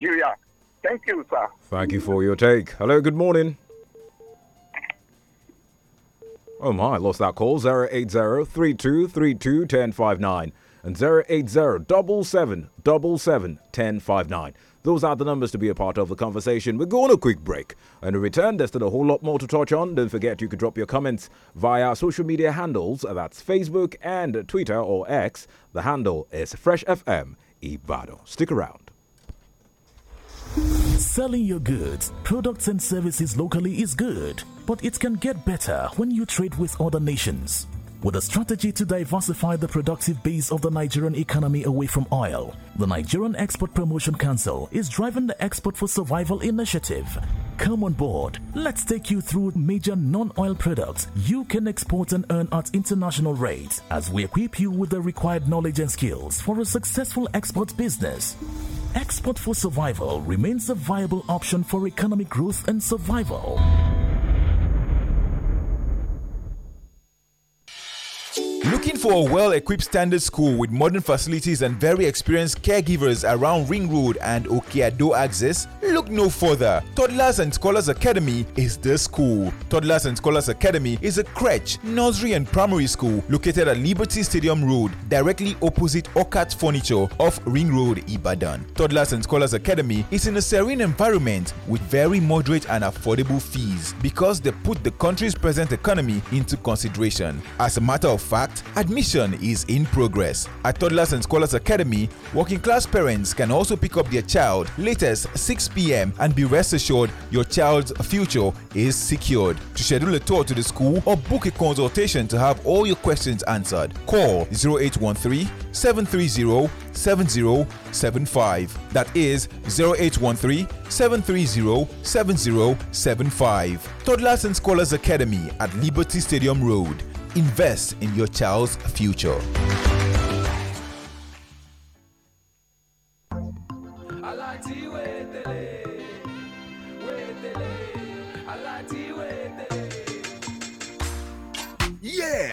Nigeria. Thank you, sir. Thank you for your take. Hello, good morning. Oh my, I lost that call. 080-3232-1059 and 080-777-1059. Those are the numbers to be a part of the conversation. We're going a quick break. And in return, there's still a whole lot more to touch on. Don't forget you can drop your comments via our social media handles. That's Facebook and Twitter or X. The handle is Fresh FM Ibado. Stick around. Selling your goods, products, and services locally is good, but it can get better when you trade with other nations. With a strategy to diversify the productive base of the Nigerian economy away from oil, the Nigerian Export Promotion Council is driving the Export for Survival initiative. Come on board. Let's take you through major non oil products you can export and earn at international rates as we equip you with the required knowledge and skills for a successful export business. Export for Survival remains a viable option for economic growth and survival. Looking for a well equipped standard school with modern facilities and very experienced caregivers around Ring Road and Okeado access? Look no further. Toddlers and Scholars Academy is the school. Toddlers and Scholars Academy is a crèche, nursery, and primary school located at Liberty Stadium Road, directly opposite Okat Furniture off Ring Road, Ibadan. Toddlers and Scholars Academy is in a serene environment with very moderate and affordable fees because they put the country's present economy into consideration. As a matter of fact, fact, admission is in progress. At Toddlers and Scholars Academy, working class parents can also pick up their child latest 6 p.m. and be rest assured your child's future is secured. To schedule a tour to the school or book a consultation to have all your questions answered, call 0813 730 7075. That is 0813 730 7075. Toddlers and Scholars Academy at Liberty Stadium Road. Invest in your child's future.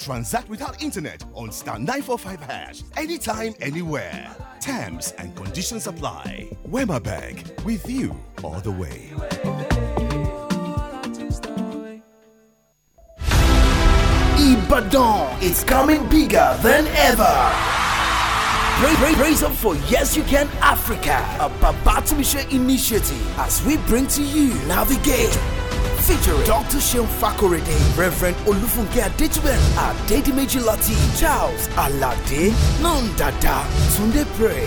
transact without internet on star 945 hash anytime, anywhere. Terms and conditions apply. Wema Bank with you all the way. Ibadan is coming bigger than ever. Raise praise up for Yes You Can Africa, a Babatamisha initiative as we bring to you Navigate featuring Dr. Seun Fakorede, Reverend Olufunke Adetuben, Adedimeji Lateef, Charles Alade, Nandada, Tunde Pray,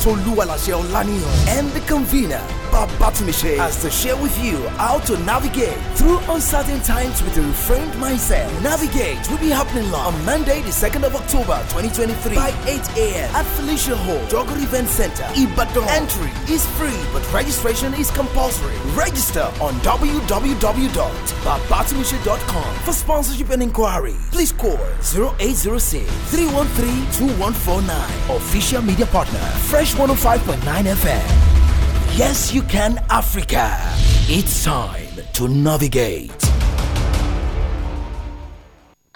Soluwalase Olaniyan, and the convener. Bob Batumiche has to share with you how to navigate through uncertain times with a reframed mindset. Navigate will be happening live on Monday, the 2nd of October 2023 by 8 a.m. at Felicia Hall, Jogger Event Center, Ibadan. Entry is free, but registration is compulsory. Register on www.babatumiche.com for sponsorship and inquiry. Please call 0806 313 2149. Official media partner, Fresh 105.9 FM. Yes, you can, Africa. It's time to navigate.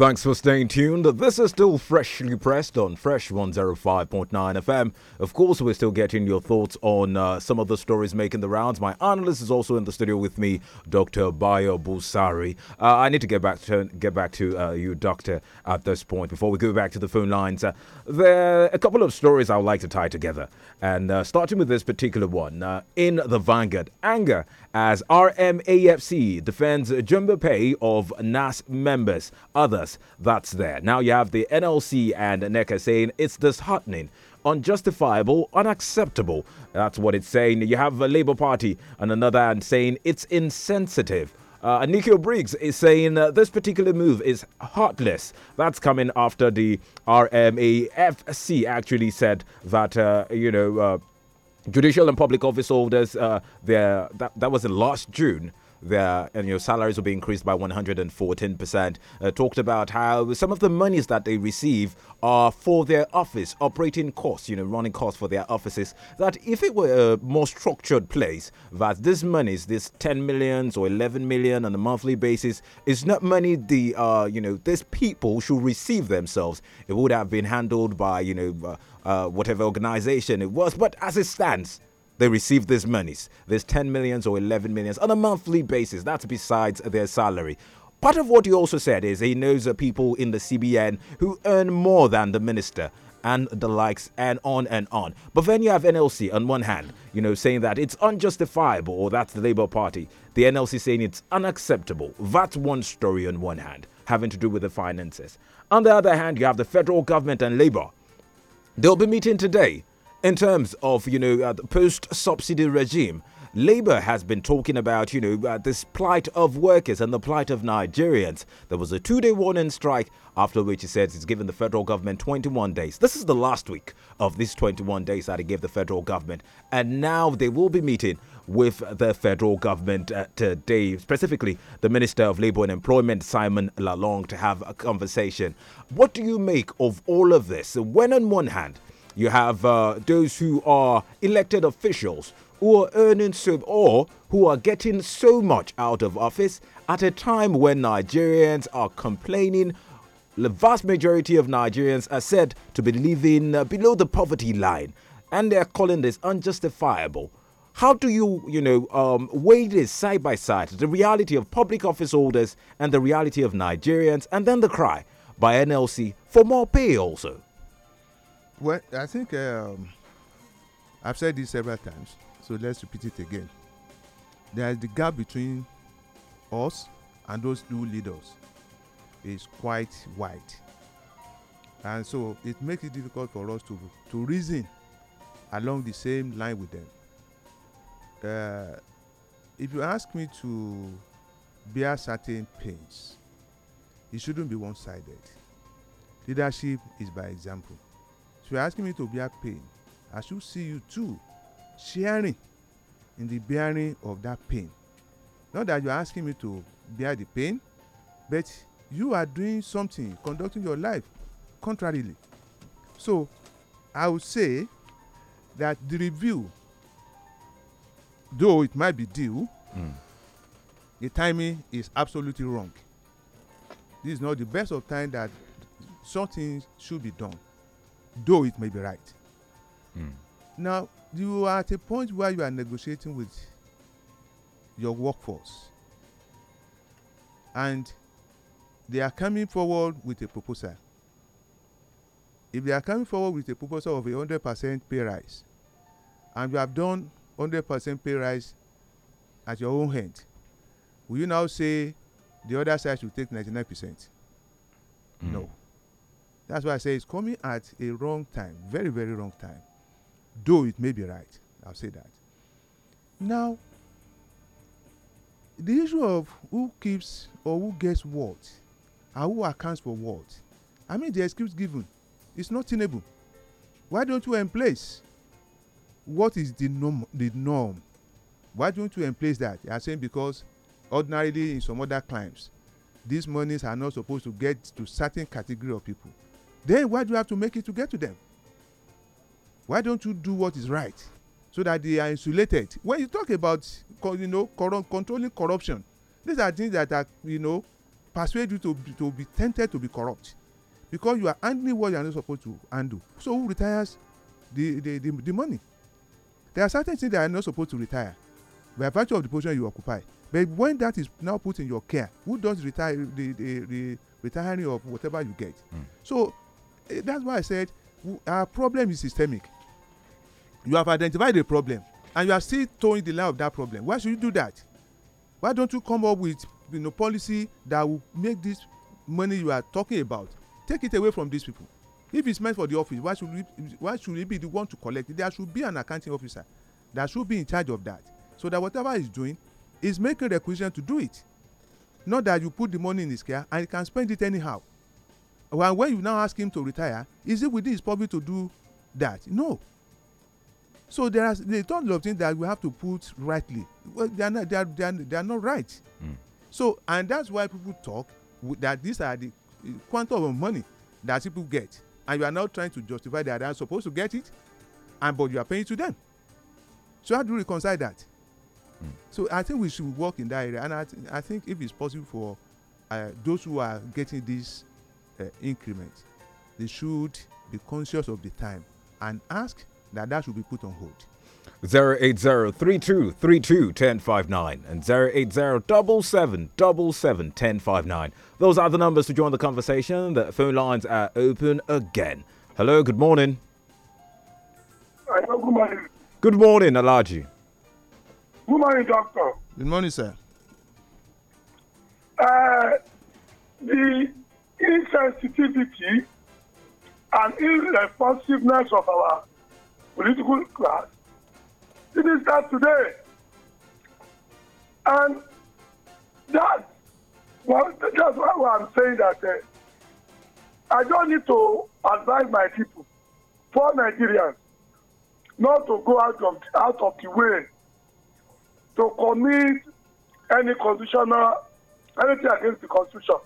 Thanks for staying tuned. This is still freshly pressed on Fresh 105.9 FM. Of course, we're still getting your thoughts on uh, some of the stories making the rounds. My analyst is also in the studio with me, Dr. Bayo Busari. Uh, I need to get back to get back to uh, you, Doctor, at this point. Before we go back to the phone lines, uh, there are a couple of stories I would like to tie together. And uh, starting with this particular one uh, in the Vanguard, anger as RMAFC defends jumbo pay of NAS members. Others, that's there. Now you have the NLC and NECA saying it's disheartening unjustifiable, unacceptable. That's what it's saying. You have the Labour Party on another hand saying it's insensitive. Uh, Nico Briggs is saying uh, this particular move is heartless. That's coming after the RMAFC actually said that, uh, you know, uh, Judicial and public office holders, uh, there that, that was in last June there and your salaries will be increased by 114%. Uh, talked about how some of the monies that they receive are for their office operating costs, you know, running costs for their offices. That if it were a more structured place, that this monies, this 10 millions or 11 million on a monthly basis, is not money the uh, you know, these people should receive themselves. It would have been handled by you know uh, uh, whatever organization it was. But as it stands, they receive these monies, these 10 millions or 11 millions on a monthly basis. That's besides their salary. Part of what he also said is he knows the people in the CBN who earn more than the minister and the likes and on and on. But then you have NLC on one hand, you know, saying that it's unjustifiable or that's the Labour Party. The NLC saying it's unacceptable. That's one story on one hand, having to do with the finances. On the other hand, you have the federal government and Labour They'll be meeting today in terms of, you know, uh, the post subsidy regime. Labour has been talking about, you know, uh, this plight of workers and the plight of Nigerians. There was a two day warning strike, after which he it says it's given the federal government 21 days. This is the last week of these 21 days that he gave the federal government. And now they will be meeting with the federal government uh, today, specifically the Minister of Labour and Employment, Simon Lalong, to have a conversation. What do you make of all of this? When, on one hand, you have uh, those who are elected officials who are earning so or who are getting so much out of office at a time when Nigerians are complaining. The vast majority of Nigerians are said to be living uh, below the poverty line, and they are calling this unjustifiable. How do you, you know, um, weigh this side by side? The reality of public office holders and the reality of Nigerians, and then the cry by NLC for more pay also. Well, I think um, I've said this several times, so let's repeat it again. There is the gap between us and those two leaders is quite wide, and so it makes it difficult for us to to reason along the same line with them. uh, if you ask me to bear certain pains, it shouldn't be one sided. Leadership is by example. So you're asking me to bear pain. I should see you too sharing in the bearing of that pain. Not that you're asking me to bear the pain, but you are doing something, conducting your life contrarily. So I would say that the review though it might be due, mm. the timing is absolutely wrong. This is not the best of time that something should be done, though it may be right. Mm. Now, you are at a point where you are negotiating with your workforce, and they are coming forward with a proposal. If they are coming forward with a proposal of a hundred percent pay rise, and you have done hundred percent pay rise at your own hand will you now say the other side should take ninety nine percent hmm. no that's why i say it's coming at a wrong time very very wrong time though it may be right i'll say that now the issue of who keeps or who gets what and who accounts for what i mean the excuse given is not tenable why don't you emplace what is the norm the norm why don't you emplace that you are saying because ordinarily in some other climes these monies are not supposed to get to certain category of people then why do you have to make it to get to them why don't you do what is right so that they are insulated when you talk about you know controlling corruption these are things that are you know persuade you to be, to be tempted to be corrupt because you are handling what you are not supposed to handle so who retires the the the, the money There are certain things that are not supposed to retire by virtue of the position you occupy. But when that is now put in your care, who does retire the, the, the retiring of whatever you get? Mm. So uh, that's why I said our problem is systemic. You have identified the problem and you are still towing the line of that problem. Why should you do that? Why don't you come up with you know, policy that will make this money you are talking about take it away from these people? If it's meant for the office, why should we, why should we be the one to collect it? There should be an accounting officer that should be in charge of that. So that whatever he's doing, is making requisition to do it. Not that you put the money in his care and he can spend it anyhow. Well, when you now ask him to retire, is it within his public to do that? No. So there are a ton of things that we have to put rightly. Well, they are not, they are, they are, they are not right. Mm. So and that's why people talk that these are the quantum of money that people get and you are now trying to justify that they are supposed to get it and but you are paying to them so how do you reconcile that mm. so i think we should work in that area and i, th I think if it's possible for uh, those who are getting this uh, increment they should be conscious of the time and ask that that should be put on hold 080-3232-1059 and 080-777-1059. Those are the numbers to join the conversation. The phone lines are open again. Hello, good morning. good morning. Good morning, Alaji. Good morning, doctor. Good morning, sir. Uh, the insensitivity and irresponsiveness of our political class It is that today. And that, well, that's why I'm saying that uh, I just need to advise my people, poor Nigerians, not to go out of, out of the way to commit any constitutional, anything against the constitution.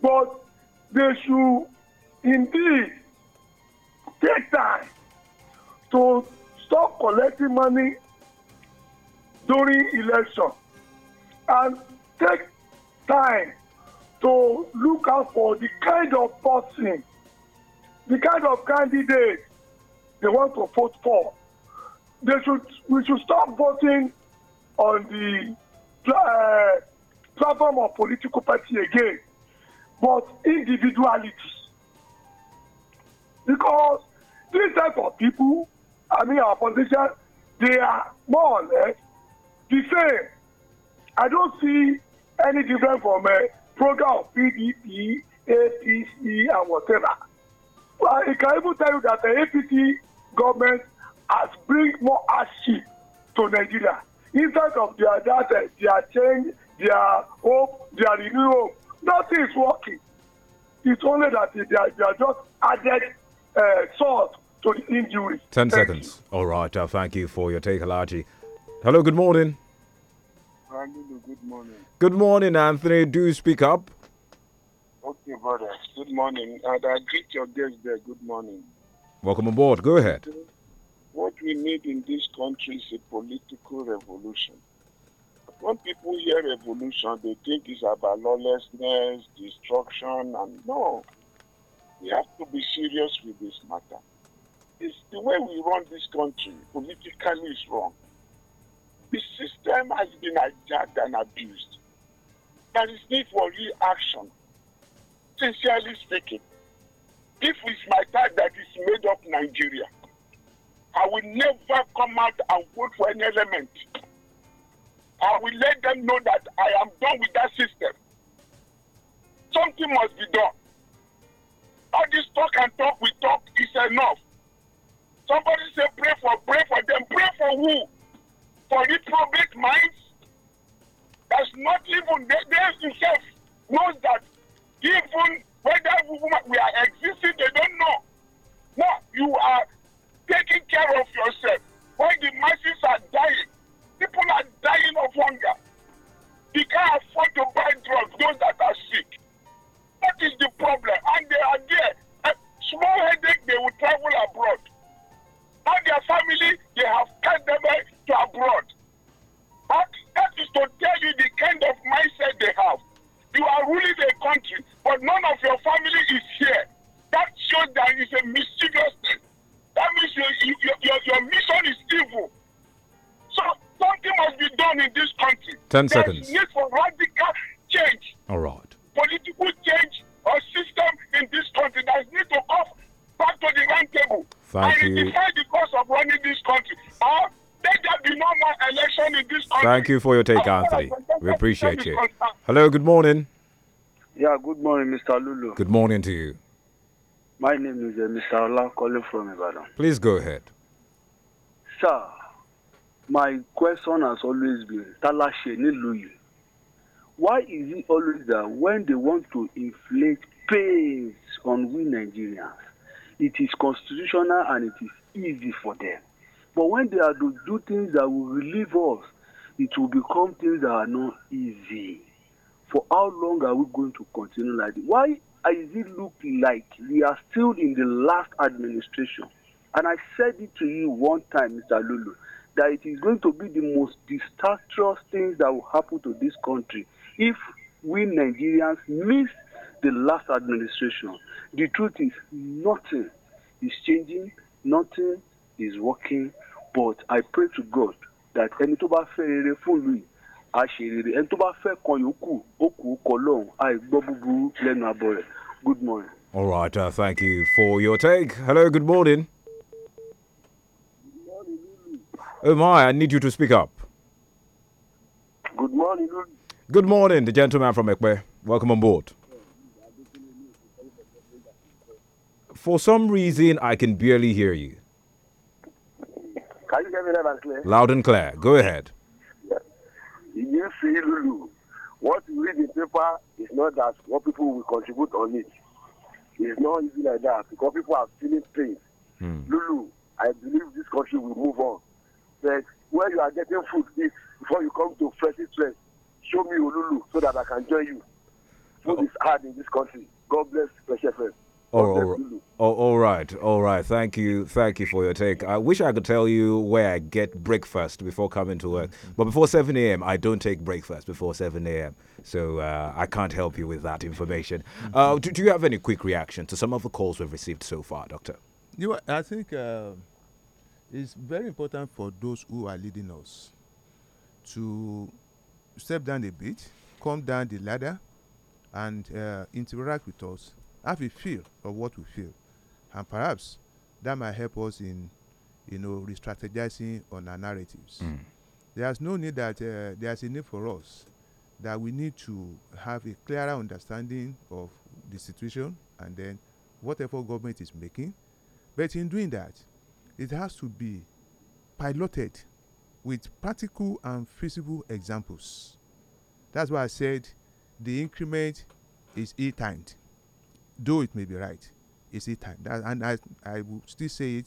But they should indeed take time to stop collecting money during election and take time to look out for the kind of person the kind of candidate they want to vote for they should we should stop voting on the uh, platform of political party again but individuality because this type of people I mean our politicians, they are more or less the same. I don't see any difference from a uh, program of PDP, APC, and whatever. Well, I can even tell you that the APC government has brought more hardship to Nigeria. In Instead of their data, uh, their change, their hope, their renewal, nothing is working. It's only that they are, they are just added uh, salt to the 10 thank seconds. You. All right. Uh, thank you for your take, Alaji. Hello, good morning. Good morning. Good morning, Anthony. Do speak up? Okay, brother. Good morning. And uh, I greet your guests there. Good morning. Welcome aboard. Go ahead. What we need in this country is a political revolution. When people hear revolution, they think it's about lawlessness, destruction, and no. We have to be serious with this matter. It's the way we run this country politically is wrong. The system has been hijacked and abused. There is need for reaction. Sincerely speaking, if it's my time that is made up Nigeria, I will never come out and vote for any element. I will let them know that I am done with that system. Something must be done. All this talk and talk we talk is enough. Somebody say pray for, pray for them. Pray for who? For reprobate minds? That's not even, they, they themselves knows that even whether we are existing, they don't know. No, you are taking care of yourself. When the masses are dying, people are dying of hunger. They can't afford to buy drugs, those that are sick. That is the problem. And they are there. A small headache, they will travel abroad. And their family, they have sent them to abroad. But that is to tell you the kind of mindset they have. You are ruling a country, but none of your family is here. That shows that it's a mischievous thing. That means your, your, your, your mission is evil. So something must be done in this country. Ten There's seconds. need for radical change. All right. Political change or system in this country. that need to come back to the round table Thank and you. the of running this country. Or let there be no more election in this country. Thank you for your take, Anthony. We appreciate you. Hello, good morning. Yeah, good morning, Mr. Lulu. Good morning to you. My name is uh, Mr. Allah calling from Ibadan. Please go ahead. Sir, my question has always been Talashe Niluyi. Why is it always that when they want to inflict pains on we Nigerians, it is constitutional and it is easy for them. But when they are to do things that will relieve us, it will become things that are not easy. For how long are we going to continue like this? Why is it look like we are still in the last administration? And I said it to you one time, Mr. Lulu, that it is going to be the most disastrous things that will happen to this country if we Nigerians miss the last administration. The truth is, nothing is changing, nothing is working. But I pray to God that ẹni tó be fẹ́ rere fún á ṣe rere ẹni tó bá fẹ́ kan yòókù ó kù àìgbọ́ búburú lẹ́nu abọ́ rẹ̀ good morning. all right uh, thank you for your take hello good morning. good morning Lulu. oh my i need you to speak up. good morning Lulu. good morning the gentleman from Ekpe welcome on board. For some reason, I can barely hear you. Can you hear me loud and clear? Loud and clear. Go ahead. Yeah. You see, Lulu, what you read in paper is not that what people will contribute on it. It's not easy like that because people are feeling pain. Hmm. Lulu, I believe this country will move on. But where you are getting food, is before you come to fresh place. Show me oh, Lulu so that I can join you. Food oh. is hard in this country. God bless Fresh FM. Oh, oh, all right, all right. Thank you, thank you for your take. I wish I could tell you where I get breakfast before coming to work, mm-hmm. but before 7 a.m., I don't take breakfast before 7 a.m., so uh, I can't help you with that information. Mm-hmm. Uh, do, do, you have any quick reaction to some of the calls we've received so far, Doctor? You, I think uh, it's very important for those who are leading us to step down a bit, come down the ladder, and uh, interact with us, have a feel of what we feel, and perhaps that might help us in, you know, re-strategizing on our narratives. Mm. There's no need that uh, there's a need for us that we need to have a clearer understanding of the situation and then whatever government is making. But in doing that, it has to be piloted with practical and feasible examples. That's why I said the increment is eight times though it may be right it's eight timed? that, and I, I will still say it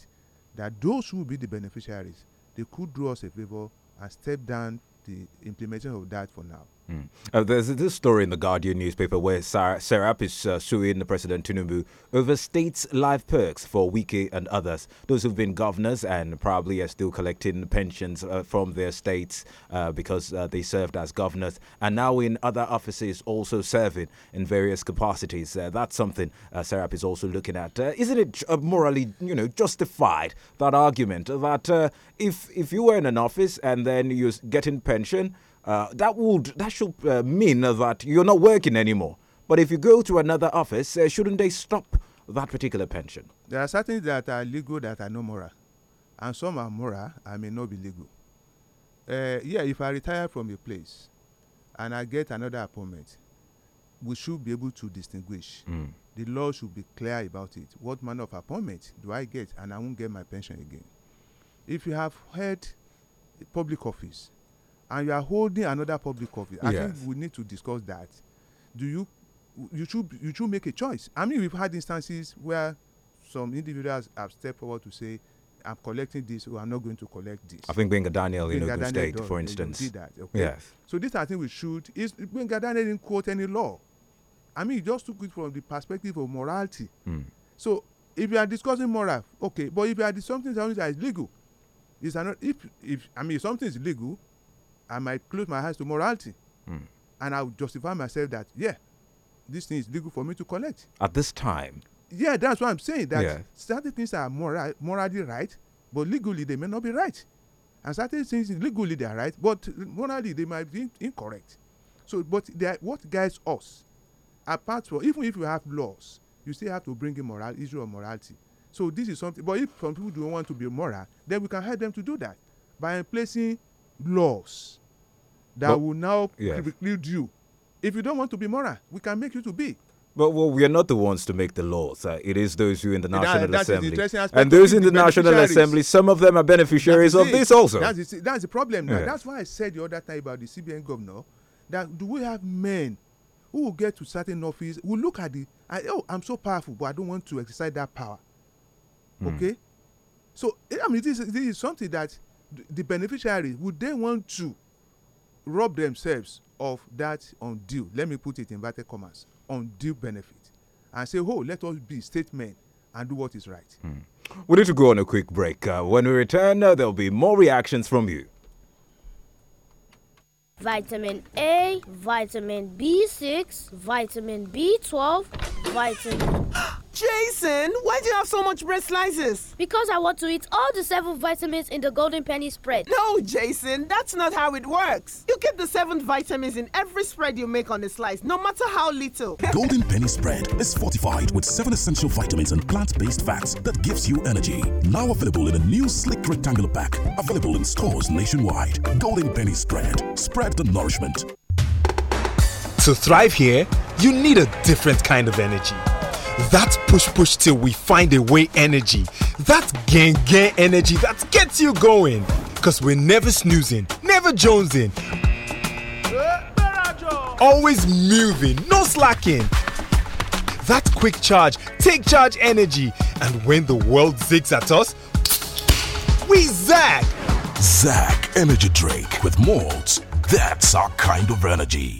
that those who be the beneficiaries they could do us a favour and step down the implementation of that for now Mm. Uh, there's this story in the Guardian newspaper where Serap Serapis uh, suing the President Tinubu over states' life perks for Wiki and others, those who've been governors and probably are still collecting pensions uh, from their states uh, because uh, they served as governors and now in other offices also serving in various capacities. Uh, that's something Serapis is also looking at. isn't it morally, you know, justified that argument that if if you were in an office and then you're getting pension? Uh, that would that should uh, mean that you're not working anymore. But if you go to another office, uh, shouldn't they stop that particular pension? There are certain that are legal that are no moral, and some are moral and may not be legal. Uh, yeah, if I retire from a place and I get another appointment, we should be able to distinguish. Mm. The law should be clear about it. What manner of appointment do I get, and I won't get my pension again? If you have held public office and you are holding another public office. I think we need to discuss that. Do you you should you should make a choice. I mean, we've had instances where some individuals have stepped forward to say, "I'm collecting this, or oh, I'm not going to collect this." I think Benga Daniel in Ogun State, does, for instance, did that. Okay? Yes. So this, I think, we should. Is Benga Daniel didn't quote any law. I mean, he just took it from the perspective of morality. Mm. So if you are discussing moral, okay, but if you are discussing something that is legal, is not if if I mean if something is legal, I might close my eyes to morality. Mm. And I would justify myself that, yeah, this thing is legal for me to collect. At this time? Yeah, that's what I'm saying. That yeah. certain things are moral, morally right, but legally they may not be right. And certain things legally they are right, but morally they might be incorrect. So, but what guides us, apart from, even if you have laws, you still have to bring in moral, issue of morality. So this is something, but if some people don't want to be moral, then we can help them to do that by placing laws that but, will now yes. preclude you. If you don't want to be moral, we can make you to be. But well, we are not the ones to make the laws. Uh, it is those who in the National that, Assembly. The and those in the, the National Assembly, some of them are beneficiaries of this also. That's, the, that's the problem. Yeah. That's why I said the other time about the CBN governor that do we have men who will get to certain office, who look at the, I, oh, I'm so powerful, but I don't want to exercise that power. Mm. Okay? So, I mean, this, this is something that the beneficiary would they want to rob themselves of that undue let me put it in inverted commas undue benefit and say oh let us be statesmen and do what is right. Mm. we need to go on a quick break uh, when we return uh, there'll be more reactions from you. Vitamin A, vitamin B6, vitamin B12, vitamin. Jason, why do you have so much bread slices? Because I want to eat all the seven vitamins in the golden penny spread. No, Jason, that's not how it works. You get the seven vitamins in every spread you make on a slice, no matter how little. golden penny spread is fortified with seven essential vitamins and plant-based fats that gives you energy. Now available in a new sleek rectangular pack, available in stores nationwide. Golden penny spread. Spread the nourishment. To thrive here, you need a different kind of energy that push push till we find a way energy. That gang gang energy that gets you going. Cause we're never snoozing, never jonesing. Always moving, no slacking. That quick charge, take charge energy. And when the world zigs at us, we zag. zack Energy Drink with malts. That's our kind of energy.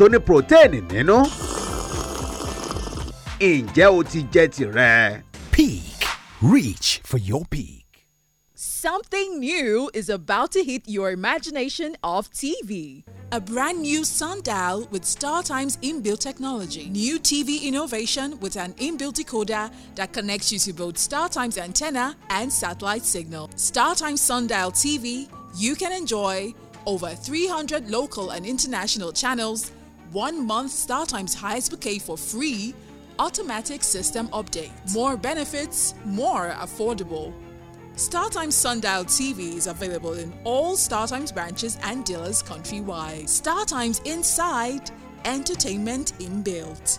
tó ní protein nínú. ǹjẹ́ o ti jẹ tirẹ̀? Peak. Reach for your peak. Something new is about to hit your imagination of TV. A brand new sundial with StarTime's inbuilt technology. New TV innovation with an inbuilt decoder that connects you to both StarTime's antenna and satellite signal. StarTime Sundial TV, you can enjoy over 300 local and international channels one month StarTimes highest bouquet for free, automatic system update. More benefits, more affordable. StarTimes Sundial TV is available in all StarTimes branches and dealers countrywide. StarTimes Inside, entertainment inbuilt.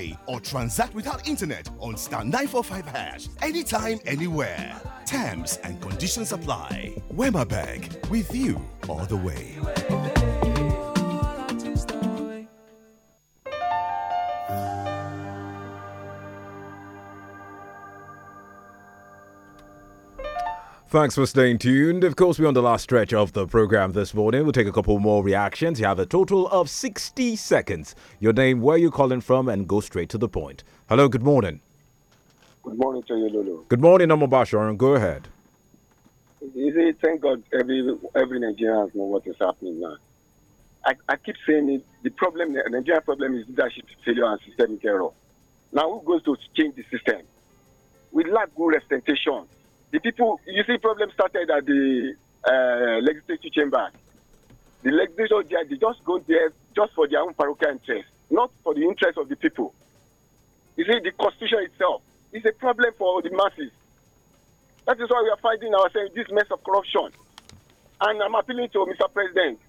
pay or transact without internet on star 945 hash anytime, anywhere. Terms and conditions apply. Wemabag, with you all the way. Thanks for staying tuned. Of course, we're on the last stretch of the program this morning. We'll take a couple more reactions. You have a total of 60 seconds. Your name, where you're calling from, and go straight to the point. Hello, good morning. Good morning to you, Lulu. Good morning, Omobasharon. Go ahead. You see, thank God every every Nigerian knows what is happening now. I, I keep saying it. The problem, the Nigerian problem is leadership failure and systemic error. Now, who goes to change the system? We lack good representation the people, you see, problem started at the uh, legislative chamber. The legislature there, they just go there just for their own parochial interest, not for the interest of the people. You see, the constitution itself is a problem for the masses. That is why we are finding ourselves this mess of corruption. And I'm appealing to Mr. President,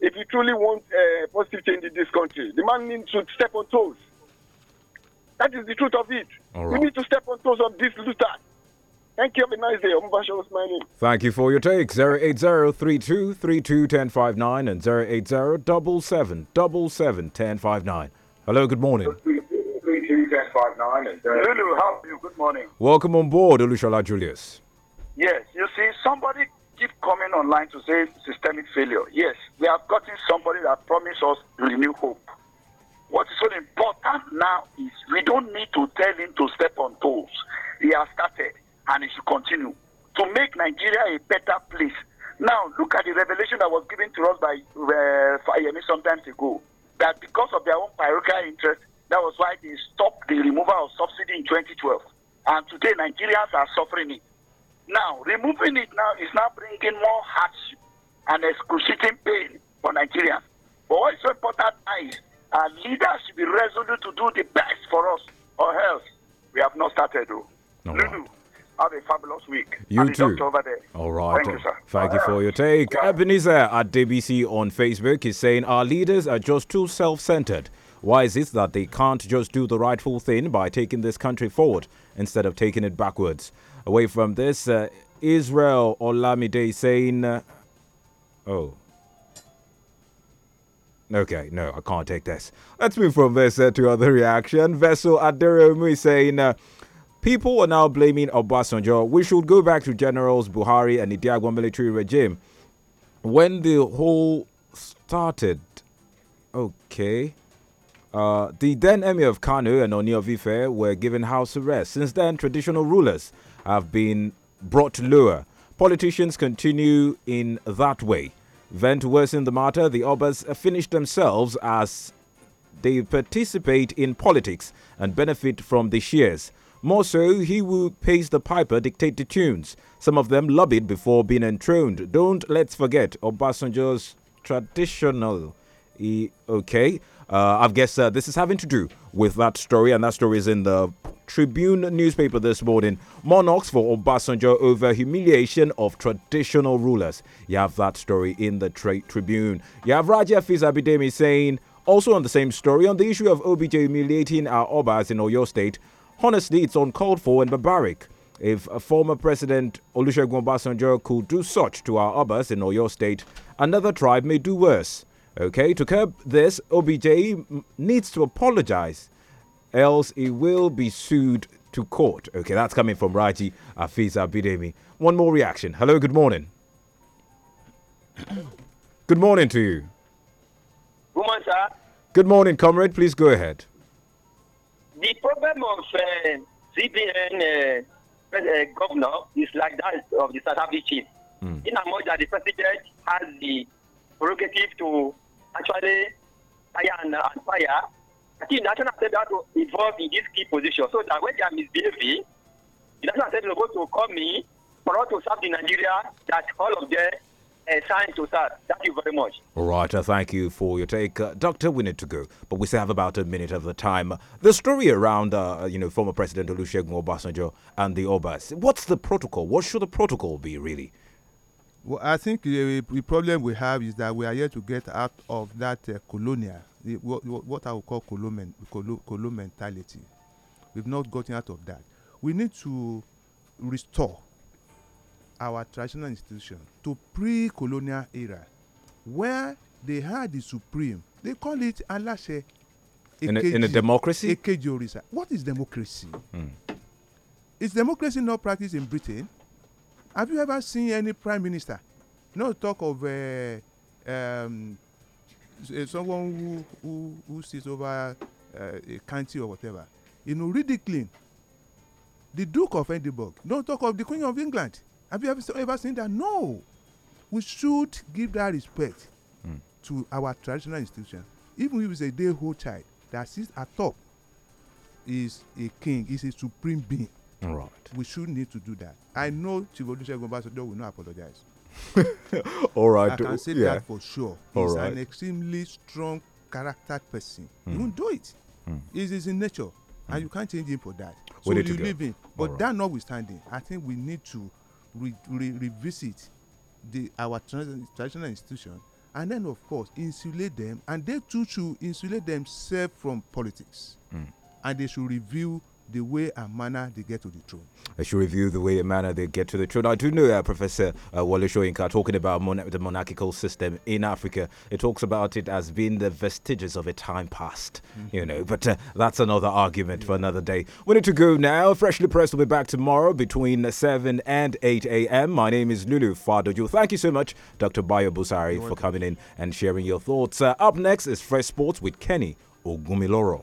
if you truly want uh, positive change in this country, the man needs to step on toes. That is the truth of it. Right. We need to step on toes of this loser. Thank you. Have a nice day. I'm Bashir Osmani. Thank you for your take. 080-3232-1059 and 080-777-1059. Hello, good morning. Uh, Lulu, how are you? Good morning. Welcome on board, Olushola Julius. Yes, you see, somebody keep coming online to say systemic failure. Yes, we have gotten somebody that promised us renewed hope. What is so important now is we don't need to tell him to step on toes. He has started and it should continue to make Nigeria a better place. Now, look at the revelation that was given to us by uh, Fayemi time ago that because of their own parochial interest, that was why they stopped the removal of subsidy in 2012. And today, Nigerians are suffering it. Now, removing it now is now bringing more hardship and excruciating pain for Nigerians. But what is so important is our leaders should be resolute to do the best for us, or else we have not started. Oh. No. Lulu, have a fabulous week. You too. All right. Thank you, sir. Thank you for your take. Yeah. Ebenezer at DBC on Facebook is saying our leaders are just too self centered. Why is it that they can't just do the rightful thing by taking this country forward instead of taking it backwards? Away from this, uh, Israel Olamide saying, uh, oh. Okay, no, I can't take this. Let's move from this uh, to other reaction. Vessel Aderomu is saying, uh, People are now blaming Obasanjo. We should go back to Generals Buhari and the Diagwa military regime. When the whole started, okay, uh, the then Emir of Kano and Oni of Ife were given house arrest. Since then, traditional rulers have been brought lower. Politicians continue in that way. Then, to worsen the matter, the Obas finish themselves as they participate in politics and benefit from the shares. More so, he who pays the piper dictate the tunes. Some of them lobbied before being enthroned. Don't let's forget Obasanjo's traditional. E- okay, uh, I guess uh, this is having to do with that story, and that story is in the Tribune newspaper this morning. Monarchs for Obasanjo over humiliation of traditional rulers. You have that story in the tra- Tribune. You have Raja Fizabidemi saying, also on the same story, on the issue of OBJ humiliating our Obas in Oyo State, Honestly, it's uncalled for and barbaric. If former President Olusegun Obasanjo could do such to our Abbas in Oyo State, another tribe may do worse. Okay, to curb this, OBJ needs to apologize, else he will be sued to court. Okay, that's coming from Raji Afiza Bidemi. One more reaction. Hello, good morning. good morning to you. Good morning, sir. Good morning, comrade. Please go ahead the problem of uh, CBN uh, uh, governor is like that of the African chief. Mm. In a much that the president has the prerogative to actually fire and, uh, and fire, I think National Assembly has to involve in this key position so that when they are misbehaving, the National Assembly will go to call me for us to serve the Nigeria that all of them time to start. Thank you very much. All right, uh, thank you for your take, uh, Doctor. We need to go, but we still have about a minute of the time. The story around, uh, you know, former President Olusegun Obasanjo and the Obas. What's the protocol? What should the protocol be, really? Well, I think the, uh, the problem we have is that we are yet to get out of that uh, colonial, the, what, what, I would call colonial, colonial mentality. We've not gotten out of that. We need to restore our traditional institution to pre-colonial era where they had the supreme they call it aláṣẹ in a, in a democracy èkejì òrìṣà what is democracy mm. is democracy not practiced in britain have you ever seen any prime minister no talk of uh, um, uh, someone who who who sits over uh, a county or whatever you know ridiculing the duke of edinburgh no talk of the queen of england Have you ever, ever seen that? No. We should give that respect mm. to our traditional institution. Even if it's a day old child that sits atop is a king, is a supreme being. Right. We should need to do that. I know Chief Ambassador will not apologize. All right. I can say yeah. that for sure. He's All right. an extremely strong character person. Mm. He won't do it. Mm. It's in nature, mm. and hmm. you can't change him for that. So you leave But right. that notwithstanding, I think we need to re, re, revisit the our traditional institution and then of course insulate them and they too should insulate themselves from politics mm. and they should review the way and manner they get to the throne. I should review the way and manner they get to the throne. I do know, uh, Professor uh, Wale talking about mon the monarchical system in Africa, it talks about it as being the vestiges of a time past, mm -hmm. you mm-hmm. know, but uh, that's another argument yeah. for another day. We need to go now. Freshly Pressed will be back tomorrow between 7 and 8 a.m. My name is Lulu Fadoju. Thank you so much, Dr. Bayo Busari, for coming in and sharing your thoughts. Uh, up next is Fresh Sports with Kenny Ogumiloro.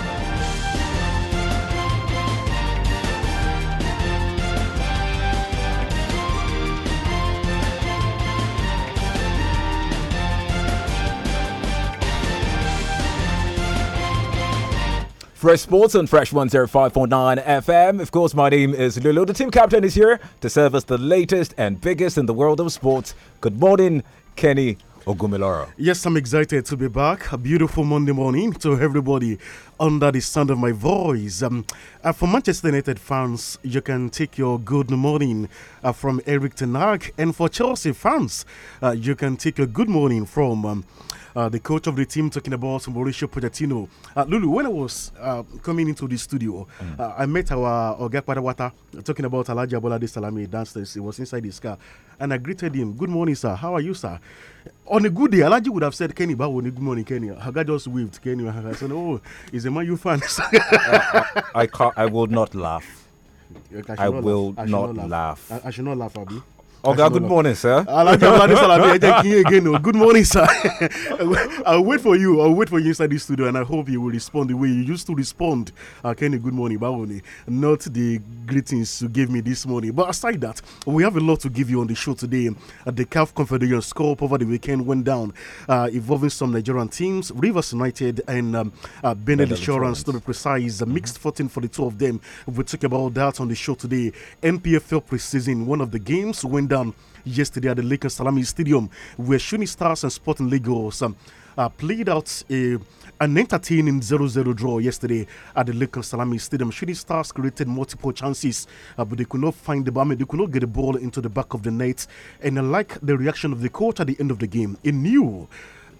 Fresh Sports on Fresh 105.9 FM. Of course, my name is Lulu. The team captain is here to serve us the latest and biggest in the world of sports. Good morning, Kenny Ogumilara. Yes, I'm excited to be back. A beautiful Monday morning to everybody under the sound of my voice. Um, uh, for Manchester United fans, you can take your good morning uh, from Eric Tenag. And for Chelsea fans, uh, you can take your good morning from um, uh, the coach of the team talking about Mauricio Pochettino. Uh, Lulu, when I was uh, coming into the studio, mm. I met our Oga Padawata talking about Alaji Abola Salami downstairs. He was inside his car. And I greeted him, Good morning, sir. How are you, sir? on a good day, Alaji would have said Kenny Bawo good morning, Kenny. Haga just waved Kenny Haga said, Oh, is a man you fan. Uh, I, I, I can't I will not laugh. I, I not will laugh. not laugh. laugh. I, should not laugh, Abi. Okay. good morning, sir. Thank you again. good morning, sir. I'll wait for you. I'll wait for you inside the studio, and I hope you will respond the way you used to respond. Uh, Kenny, good morning, Baoni. Not the greetings you gave me this morning. But aside that, we have a lot to give you on the show today. At uh, the CAF Confederation scope over the weekend went down, uh, involving some Nigerian teams, Rivers United and um, uh, Benin Insurance, to be precise. mixed mm-hmm. 14 for the two of them. We'll talk about that on the show today. MPFL preseason, one of the games went down yesterday at the Lakers Salami Stadium, where Shooting Stars and Sporting Lagos um, uh, played out a, an entertaining 0 0 draw yesterday at the Lakers Salami Stadium. Shooting Stars created multiple chances, uh, but they could not find the ball. I mean, they could not get the ball into the back of the net. And I like the reaction of the coach at the end of the game. He knew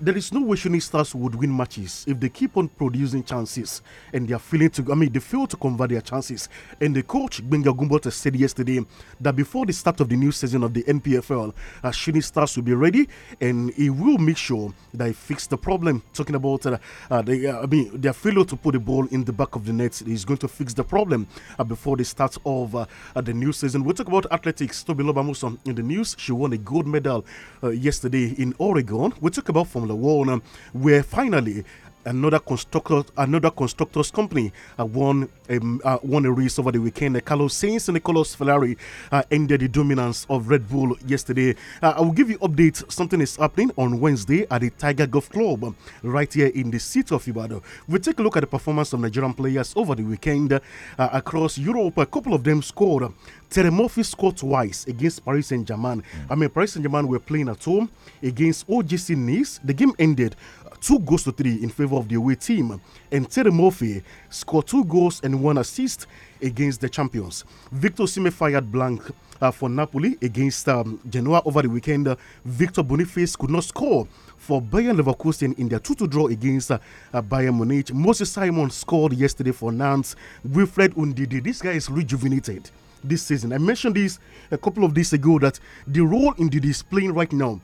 there is no way Shooting Stars would win matches if they keep on producing chances and they are failing to, I mean, they fail to convert their chances. And the coach, Benga Gumbota, said yesterday that before the start of the new season of the NPFL, uh, Stars will be ready and he will make sure that he fixes the problem. Talking about uh, uh, uh, I mean, their failure to put the ball in the back of the net is going to fix the problem uh, before the start of uh, uh, the new season. We'll talk about athletics. Toby Lobamuson in the news. She won a gold medal yesterday in Oregon. We'll talk about Formula Warner, where finally another constructors another constructors company uh, won a uh, won a race over the weekend. Uh, Carlos Sainz and Nicolas Ferrari uh, ended the dominance of Red Bull yesterday. Uh, I will give you updates. Something is happening on Wednesday at the Tiger Golf Club right here in the city of ibado We take a look at the performance of Nigerian players over the weekend uh, across Europe. A couple of them scored. Terry Murphy scored twice against Paris Saint Germain. Mm. I mean, Paris Saint Germain were playing at home against OGC Nice. The game ended two goals to three in favor of the away team. And Terry Murphy scored two goals and one assist against the champions. Victor Sime fired blank uh, for Napoli against um, Genoa over the weekend. Uh, Victor Boniface could not score for Bayern Leverkusen in their 2 2 draw against uh, uh, Bayern Munich. Moses Simon scored yesterday for Nantes. Wilfred Undidi, this guy is rejuvenated this season. I mentioned this a couple of days ago that the role in is playing right now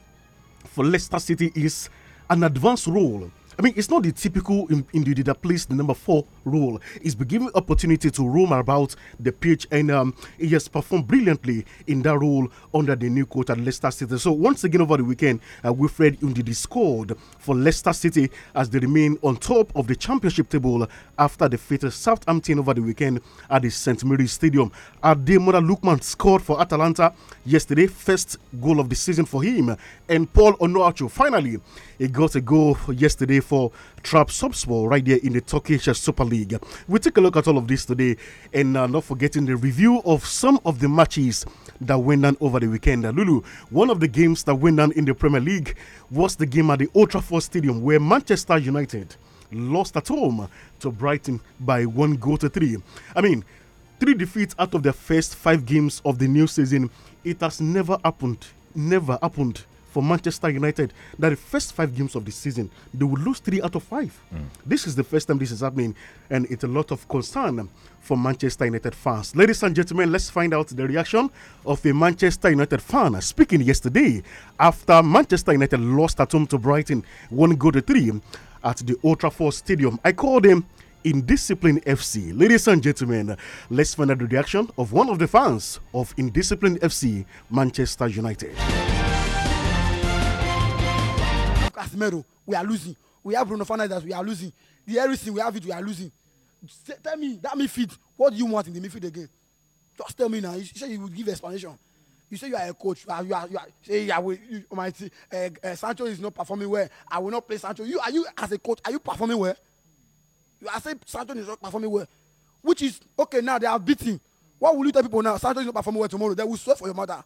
for Leicester City is an advanced role I mean, it's not the typical individual that plays the number four role. he has been given opportunity to roam about the pitch, and um, he has performed brilliantly in that role under the new coach at Leicester City. So once again over the weekend, uh, Wilfred the scored for Leicester City as they remain on top of the championship table after defeat Southampton over the weekend at the St Mary's Stadium. Ademola Lukman scored for Atalanta yesterday, first goal of the season for him, and Paul Onoacho finally he got a goal yesterday for Trabzonspor right there in the Turkish Super League. we take a look at all of this today and uh, not forgetting the review of some of the matches that went down over the weekend. Uh, Lulu, one of the games that went down in the Premier League was the game at the Old Trafford Stadium where Manchester United lost at home to Brighton by one goal to three. I mean, three defeats out of the first five games of the new season. It has never happened, never happened for Manchester United that the first five games of the season they will lose three out of five. Mm. This is the first time this is happening, and it's a lot of concern for Manchester United fans. Ladies and gentlemen, let's find out the reaction of a Manchester United fan speaking yesterday after Manchester United lost at home to Brighton, one goal to three at the Old Trafford Stadium. I called him Indiscipline FC. Ladies and gentlemen, let's find out the reaction of one of the fans of Indiscipline FC, Manchester United. Casemiro, oh, we are losing. We have Bruno Fernandes, we are losing. The everything we have it, we are losing. Say, tell me that midfield. What do you want in the midfield again? Just tell me now. You say you would give explanation. You say you are a coach. You are you are, you are say I will. with, you, my uh, uh, Sancho is not performing well. I will not play Sancho. You are you as a coach? Are you performing well? You are saying Sancho is not performing well, which is okay. Now they are beating. What will you tell people now? Sancho is not performing well tomorrow. They will swear for your mother.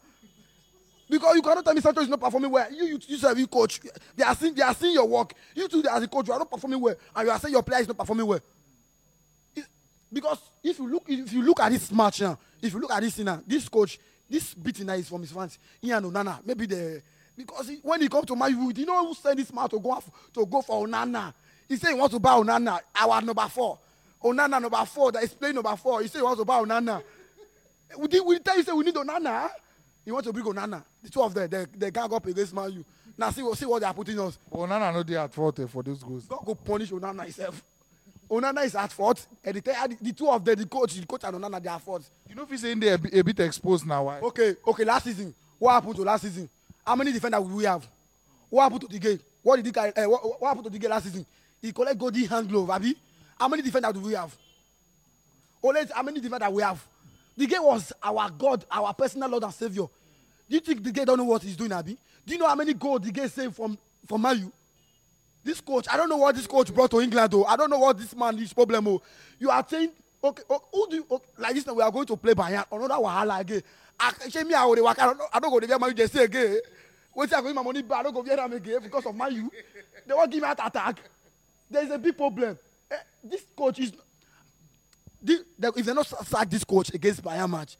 Because you cannot tell me Santos is not performing well. You, you, you serve you coach. They are seeing they are seeing your work. You too as a coach, you are not performing well, and you are saying your player is not performing well. because if you look if you look at this match now, if you look at this now, this coach, this beating now is from his fans. Ian Onana, maybe the because he, when he come to my you know who send this man to go for, to go for Onana. He said he wants to buy Onana, our number four. Onana number four that is playing number four. He said he wants to buy Onana. we, we tell you say we need Onana. He wants to bring Onana. the two of them they they gang up against man u na see see what they are putting us. onana no dey at fault eh, for those goals. god go punish onana himself onana is at fault and the, the, the two of them the coach the coach and onana dey at fault. you no know, fit say dey a, bit exposed na why. okay okay last season what happen to last season how many defenders we have what happen to the game what did he carry uh, eh, what, what happen to the game last season he collect golden hand glove abi how many defenders do we have only how many defenders we have the game was our god our personal lord and saviour Do you think the guy don't know what he's doing, Abby? Do you know how many goals the guy saved from from Mayu? This coach, I don't know what this coach brought to England, though. I don't know what this man, is problem, oh. You are saying, okay, okay oh, who do you, okay, oh, like this, Now we are going to play Bayern, another Wahala again. Actually, me, I would work, I don't, I don't go to get Mayu Jesse again. Wait, I go my money back, I don't go get them again because of Mayu. They won't give me an attack. There's a big problem. Eh, this coach is, if they're not sack this coach against Bayern match,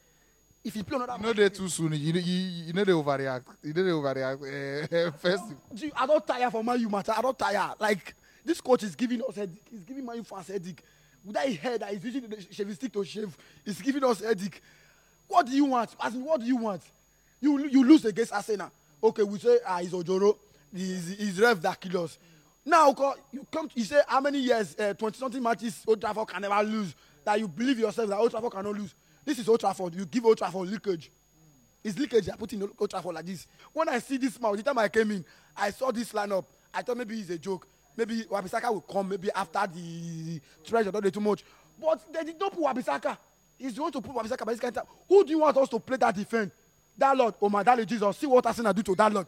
if you play another you know they too soon you, you, you know they overreact you know they overreact eh, eh, first do you, i don't tire for my you matter i don't tire like this coach is giving us headache he's giving my fans headache with that hair that he's using the shaving stick to shave he's giving us headache what do you want as in what do you want you you lose against arsenal okay we say ah he's ojoro he's he's ref that kill us now you come you say how many years uh, eh, 20 something matches old trafford can never lose that you believe yourself that old trafford cannot lose this is Old Trafford. You give Old Trafford leakage. It's leakage. I put in Old Trafford like this. When I see this man, the time I came in, I saw this lineup. I thought maybe it's a joke. Maybe Wabisaka will come. Maybe after the treasure, not do too much. But they did not put Wabisaka. He's going to put Wabisaka by this kind of Who do you want us to play that defense? That Lord, oh my darling Jesus, see what Arsenal do to that Lord.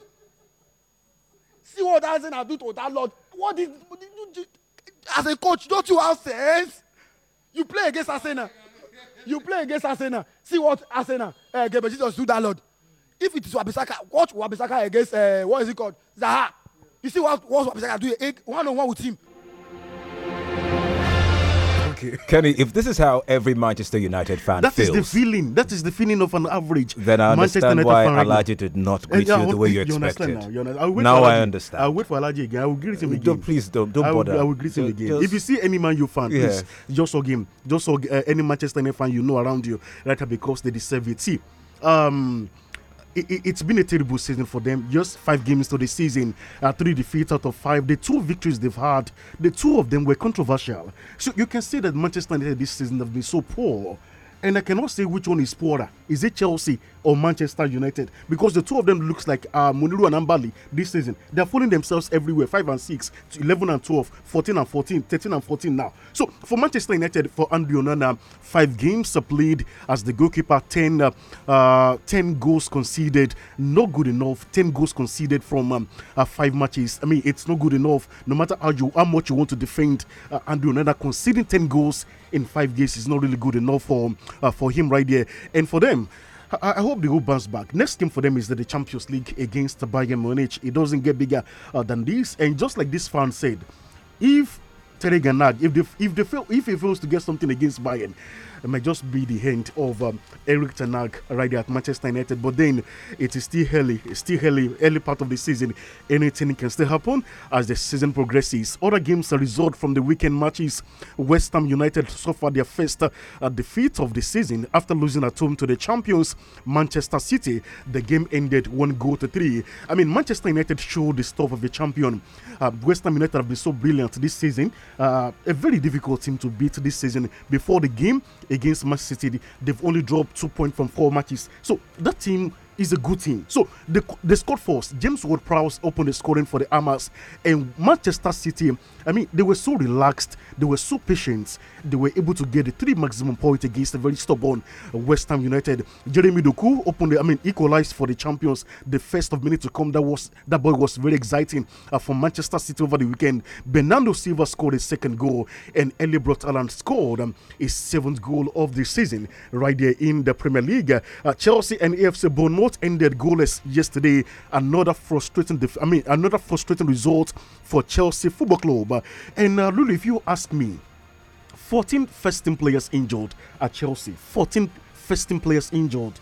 See what Arsenal do to that Lord. What is, as a coach, don't you have sense? You play against Arsenal. You play against Arsenal. See what Arsenal, uh, Gabriel Jesus do that, Lord. If it is Wabisaka, watch Wabisaka against, uh, what is it called? Zaha. You see what, what Wabisaka do? One on one with him. Kenny, if this is how every Manchester United fan that feels, that is the feeling. That is the feeling of an average. Then I Manchester understand why Alaji did not eh, greet you the way you, you expected. Now, you I now I understand. I'll wait for Alaji again. I will greet him uh, again. Don't, please don't don't I will, bother. I will greet him again. Just, if you see any Man U fan, yeah. please just hug him. Just hug uh, any Manchester United fan you know around you, right? Because they deserve it. See, um, it, has been a terrible season for them. Just five games to the season, uh, three defeats out of five. The two victories they've had, the two of them were controversial. So you can see that Manchester United this season have been so poor. And I cannot say which one is poorer. Is it Chelsea or Manchester United? Because the two of them looks like uh, Muniru and Ambali this season. They're fooling themselves everywhere. 5 and 6, 11 and 12, 14 and 14, 13 and 14 now. So for Manchester United, for Andrew Onana, five games played as the goalkeeper, 10, uh, uh, 10 goals conceded. Not good enough. 10 goals conceded from um, uh, five matches. I mean, it's not good enough. No matter how, you, how much you want to defend, uh, Andrew Onana conceding 10 goals in five games is not really good enough for uh, for him right there. And for them, I, hope they will bounce back. Next game for them is the Champions League against Bayern Munich. It doesn't get bigger uh, than this. And just like this fan said, if Terry Ganag, if they if they fail, if he fails to get something against Bayern, it might just be the hint of um, Eric Tanag right there at Manchester United. But then it is still early, it's still early, early part of the season. Anything can still happen as the season progresses. Other games are result from the weekend matches. West Ham United suffered their first uh, defeat of the season after losing at home to the champions Manchester City. The game ended one goal to three. I mean, Manchester United showed the stuff of a champion. Uh, West Ham United have been so brilliant this season. Uh, a very difficult team to beat this season. Before the game, against Manchester City. They've only dropped two points from four matches. So that team is a good thing. So the the score force James Ward-Prowse opened the scoring for the Amas and Manchester City. I mean, they were so relaxed, they were so patient, they were able to get the three maximum points against a very stubborn West Ham United. Jeremy Doku opened. The, I mean, equalized for the champions. The first of minute to come. That was that boy was very exciting uh, for Manchester City over the weekend. Bernardo Silva scored his second goal, and Eli Brot Allen scored um, his seventh goal of the season right there in the Premier League. Uh, Chelsea and AFC Bournemouth what ended goalless yesterday, another frustrating, I mean, another frustrating result for Chelsea Football Club. And uh, Lulu, if you ask me, 14 first team players injured at Chelsea, 14 first team players injured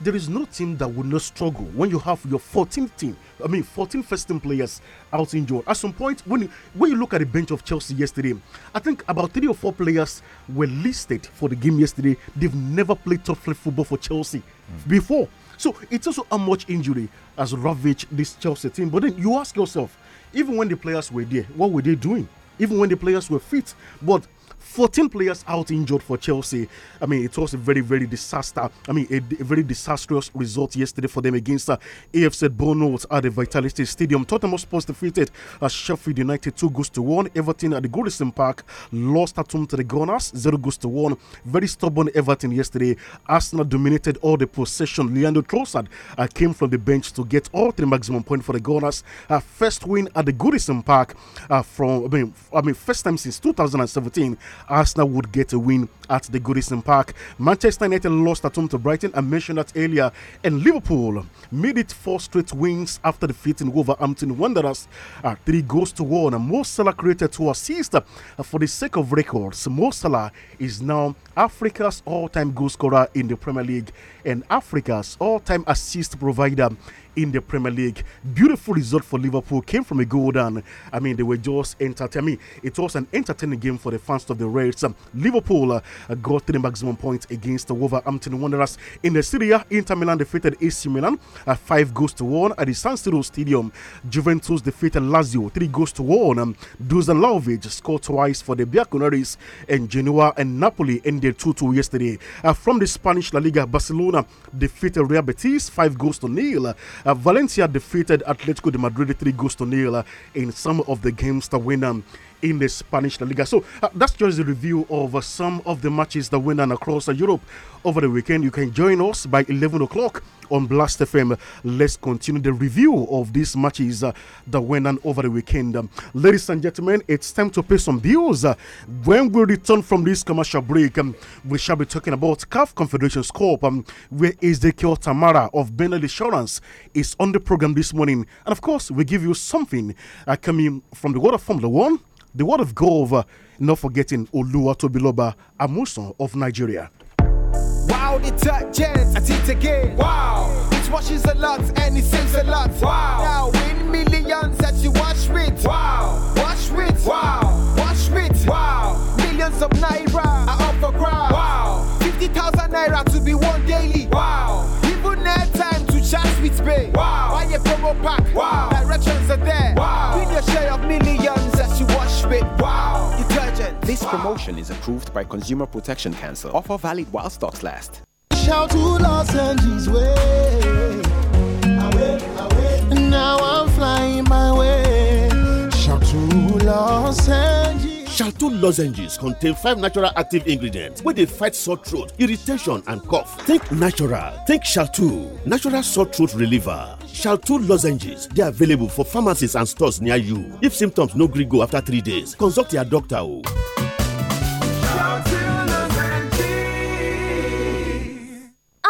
there is no team that will not struggle when you have your 14th team, I mean 14 first team players out injured. At some point, when you, when you look at the bench of Chelsea yesterday, I think about three or four players were listed for the game yesterday. They've never played top flight football for Chelsea mm. before. So it's also how much injury has ravaged this Chelsea team. But then you ask yourself, even when the players were there, what were they doing? Even when the players were fit, but 14 players out injured for Chelsea. I mean, it was a very, very disaster. I mean, a, a very disastrous result yesterday for them against uh, AFC Bournemouth at the Vitality Stadium. Tottenham Spurs defeated uh, Sheffield United 2 goals to 1. Everton at the Goodison Park lost at home to the Gunners 0 goals to 1. Very stubborn Everton yesterday. Arsenal dominated all the possession. Leandro Trossard uh, came from the bench to get all three maximum points for the Gunners. Uh, first win at the Goodison Park uh, from, I mean, I mean, first time since 2017 Arsenal would get a win at the Goodison Park. Manchester United lost at home to Brighton. I mentioned that earlier. And Liverpool made it four straight wins after defeating Wolverhampton Wanderers uh, three goals to one. And Mo Salah created two assists uh, for the sake of records. Mo Salah is now Africa's all time goal scorer in the Premier League, and Africa's all time assist provider in the Premier League. Beautiful result for Liverpool. Came from a goal down. I mean, they were just entertaining. It was an entertaining game for the fans of the Reds. Um, Liverpool uh, got three maximum points against the Wolverhampton Wanderers in the Serie Inter Milan defeated AC Milan uh, five goals to one at the San Siro Stadium. Juventus defeated Lazio three goals to one. Um, Dusan Lovic scored twice for the Bianconeri. and Genoa and Napoli ended ended 2 2 yesterday. Uh, from the Spanish La Liga, Barcelona defeated Real Betis 5 goals to nil. Uh, Valencia defeated Atletico de Madrid 3 goals to nil uh, in some of the games that went on um, in the Spanish La Liga. So uh, that's just a review of uh, some of the matches that went on across uh, Europe over the weekend. You can join us by 11 o'clock on Blast FM. Let's continue the review of these matches uh, that went on over the weekend. Um, ladies and gentlemen, it's time to pay some bills. Uh, when we return from this commercial break, um, we shall be talking about CAF Confederations Cup. um, where is the Kyo Tamara of Benel Insurance is on the program this morning. And of course, we give you something uh, coming from the world of Formula One the word of go not forgetting Oluwa Tobiloba Amuson of Nigeria. Wow, detergent, I it again. Wow, it washes a lot and it saves a lot. Wow, now in millions that you wash with. Wow, wash with. Wow, wash with. Wow, millions of naira are up for grabs. Wow, 50,000 naira to be won daily. Wow, even net time to chat with Bay. Wow, buy a promo pack. Wow, directions are there. Wow, win your share of millions. This promotion is approved by Consumer Protection Council. Offer valid while stocks last. Shout to Los Angeles way. Now I'm flying my way. Shout to Los Angeles. lozenges contain five natural active ingredients where they fight sore throat, irritation, and cough. Think natural. Think Shalto. Natural sore throat reliever. Shalto lozenges. They are available for pharmacies and stores near you. If symptoms no gree go after three days, consult your doctor. Oh.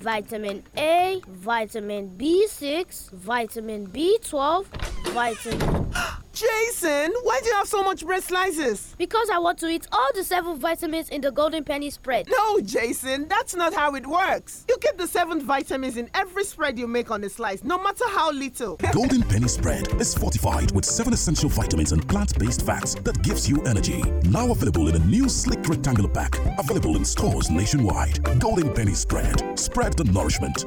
vitamin A, vitamin B6, vitamin B12, vitamin. Jason, why do you have so much bread slices? Because I want to eat all the seven vitamins in the golden penny spread. No, Jason, that's not how it works. You get the seven vitamins in every spread you make on a slice, no matter how little. golden penny spread is fortified with seven essential vitamins and plant-based fats that gives you energy. Now available in a new sleek rectangular pack, available in stores nationwide. Golden penny spread. Spread the nourishment.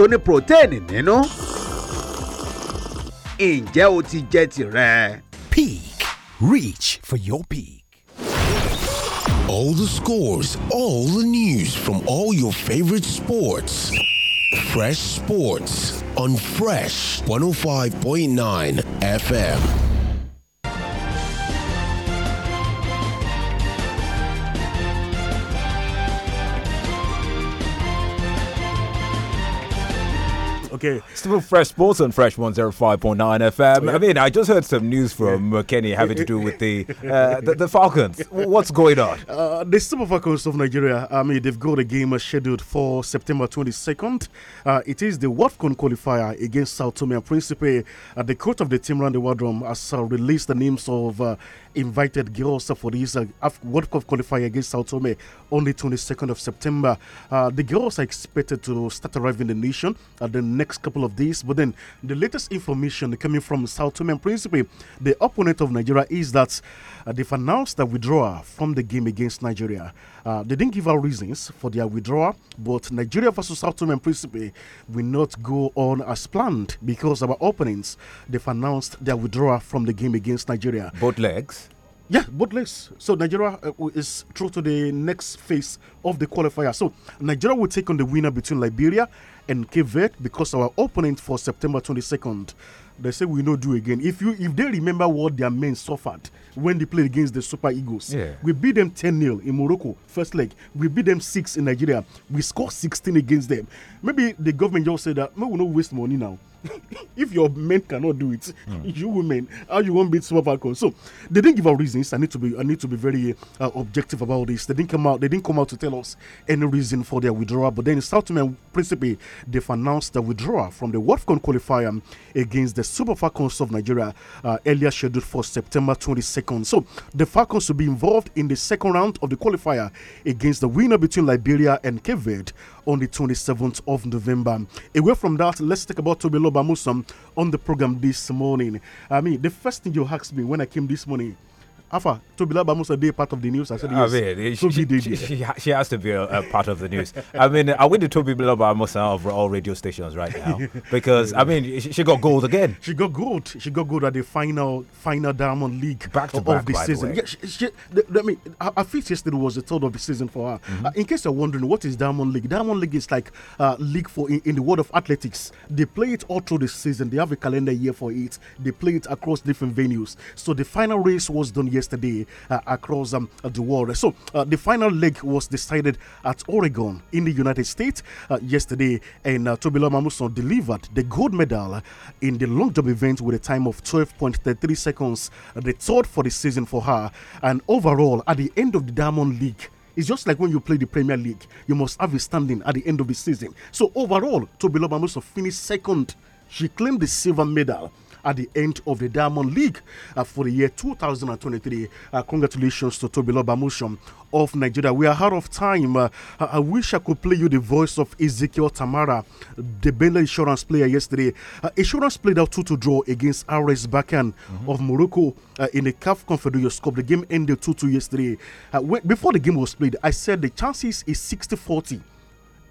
tó ní protein nínú. ǹjẹ́ o ti jẹ tirẹ̀? Peak. Reach for your peak. All the scores, all the news from all your favorite sports. Fresh Sports on Fresh 105.9 FM. okay. Still fresh sports on Fresh 105.9 FM. Yeah. I mean, I just heard some news from yeah. Uh, Kenny having to do with the, uh, the, the Falcons. What's going on? Uh, the Super Falcons of Nigeria, I mean, they've got a game scheduled for September 22nd. Uh, it is the WAFCON qualifier against Sao Tome and Principe. Uh, the coach of the team, Randy Wardrum, has uh, released the names of invited girls for this World Cup qualifier against Sao Tome on the 22nd of September. the girls are expected to start arriving in the nation at the next next couple of days. But then the latest information coming from South Tome and Principe, the opponent of Nigeria, is that uh, they've announced the withdrawal from the game against Nigeria. Uh, they didn't give out reasons for their withdrawal, but Nigeria versus South Tome and Principe will not go on as planned because our opponents they've announced their withdrawal from the game against Nigeria. Both legs. Yeah, both legs. So Nigeria uh, is through to the next phase of the qualifier. So Nigeria will take on the winner between Liberia and Cape Verde because our opponent for September 22nd, they say we no do again. If you if they remember what their men suffered when they played against the Super Eagles. Yeah. We beat them 10 0 in Morocco, first leg. We beat them 6 in Nigeria. We scored 16 against them. Maybe the government just said that, we will not waste money now. if your men cannot do it, mm. you women, how you won't beat Super Falcons? So they didn't give out reasons. I need to be, I need to be very uh, objective about this. They didn't come out, they didn't come out to tell us any reason for their withdrawal. But then South America, principally, they've announced the withdrawal from the Cup qualifier against the Super Falcons of Nigeria uh, earlier scheduled for September 22nd second. So the Falcons will be involved in the second round of the qualifier against the winner between Liberia and Cape on the 27th of November. Away from that, let's talk about Tobelo Bamusam on the program this morning. I mean, the first thing you asked me when I came this morning Afa, to be almost a day part of the news. I said, yes. I mean, she, she, she, she, has to be a, a part of the news. I mean, I went to Toby Bilaba almost of all radio stations right now because, I mean, she, she got gold again. She got gold. She got gold at the final final Diamond League back to back, of the season. The yeah, she, she, the, I mean, her yesterday was the third of the season for her. Mm -hmm. uh, in case you're wondering, what is Diamond League? Diamond League is like a uh, league for in, in, the world of athletics. They play it all through the season. They have a calendar year for it. They play it across different venues. So the final race was done yesterday yesterday uh, across um, the world. So uh, the final leg was decided at Oregon in the United States uh, yesterday, and uh, Tobila Mamuson delivered the gold medal in the long jump event with a time of 12.33 seconds, the third for the season for her. And overall, at the end of the Diamond League, it's just like when you play the Premier League, you must have a standing at the end of the season. So overall, Tobila Mamuson finished second. She claimed the silver medal at the end of the Diamond League uh, for the year 2023. Uh, congratulations to Toby Bamusham of Nigeria. We are out of time. Uh, I wish I could play you the voice of Ezekiel Tamara, the Bela insurance player yesterday. Uh, insurance played out 2 to draw against RS Bakan mm -hmm. of Morocco uh, in the CAF Confederations Cup. The game ended 2 2 yesterday. Uh, when, before the game was played, I said the chances is 60 40.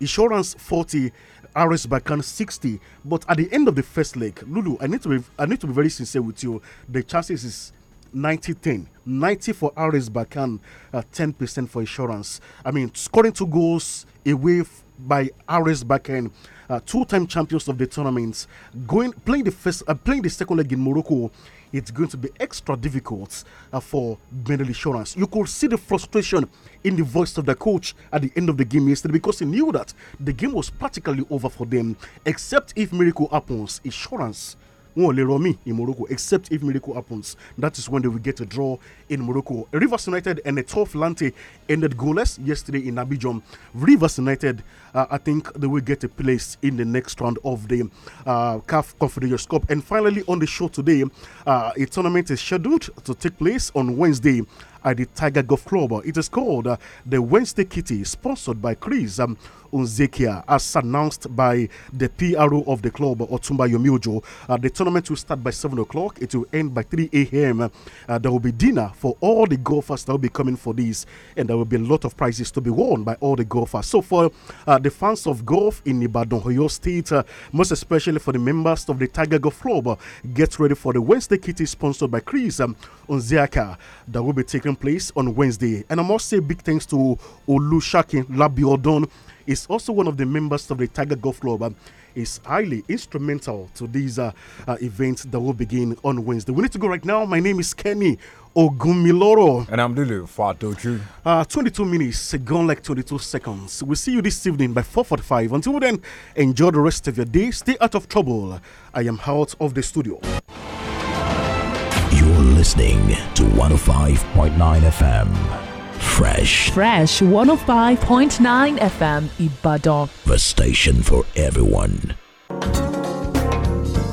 Insurance 40 RS Bakan 60. But at the end of the first leg, Lulu, I need to be, I need to be very sincere with you. The chances is 90 10. 90 for RS Bakan, 10% uh, for insurance. I mean, scoring two goals away by RS Bakan. Uh, two-time champions of the tournament, going playing the first, uh, playing the second leg in Morocco it's going to be extra difficult uh, for Medal Insurance. You could see the frustration in the voice of the coach at the end of the game yesterday because he knew that the game was practically over for them. Except if miracle happens, insurance wọn ò lè rọ mí in Morocco except if miracle happens that is when they will get a draw in Morocco Rivers United and a tough Lante ended goalless yesterday in Abidjan Rivers United uh, I think they will get a place in the next round of the uh, CAF Confederation Cup and finally on the show today uh, a tournament is scheduled to take place on Wednesday at the Tiger Golf Club. It is called uh, the Wednesday Kitty, sponsored by Chris um, Unzekia, as announced by the PRO of the club, Otumba Yomiojo. Uh, the tournament will start by 7 o'clock. It will end by 3 a.m. Uh, there will be dinner for all the golfers that will be coming for this, and there will be a lot of prizes to be won by all the golfers. So, for uh, the fans of golf in Ibadan, Hoyo State, uh, most especially for the members of the Tiger Golf Club, uh, get ready for the Wednesday Kitty, sponsored by Chris um, Unzekia, that will be taking place on Wednesday. And I must say big thanks to Olushakin Labiodon. Is also one of the members of the Tiger Golf Club. Um, is highly instrumental to these uh, uh, events that will begin on Wednesday. We need to go right now. My name is Kenny Ogumiloro. And I'm Lulu Fatochu. Uh, 22 minutes, gone like 22 seconds. We'll see you this evening by 4.45. Until then, enjoy the rest of your day. Stay out of trouble. I am out of the studio listening to 105.9 FM. Fresh. Fresh 105.9 FM Ibadan. The station for everyone.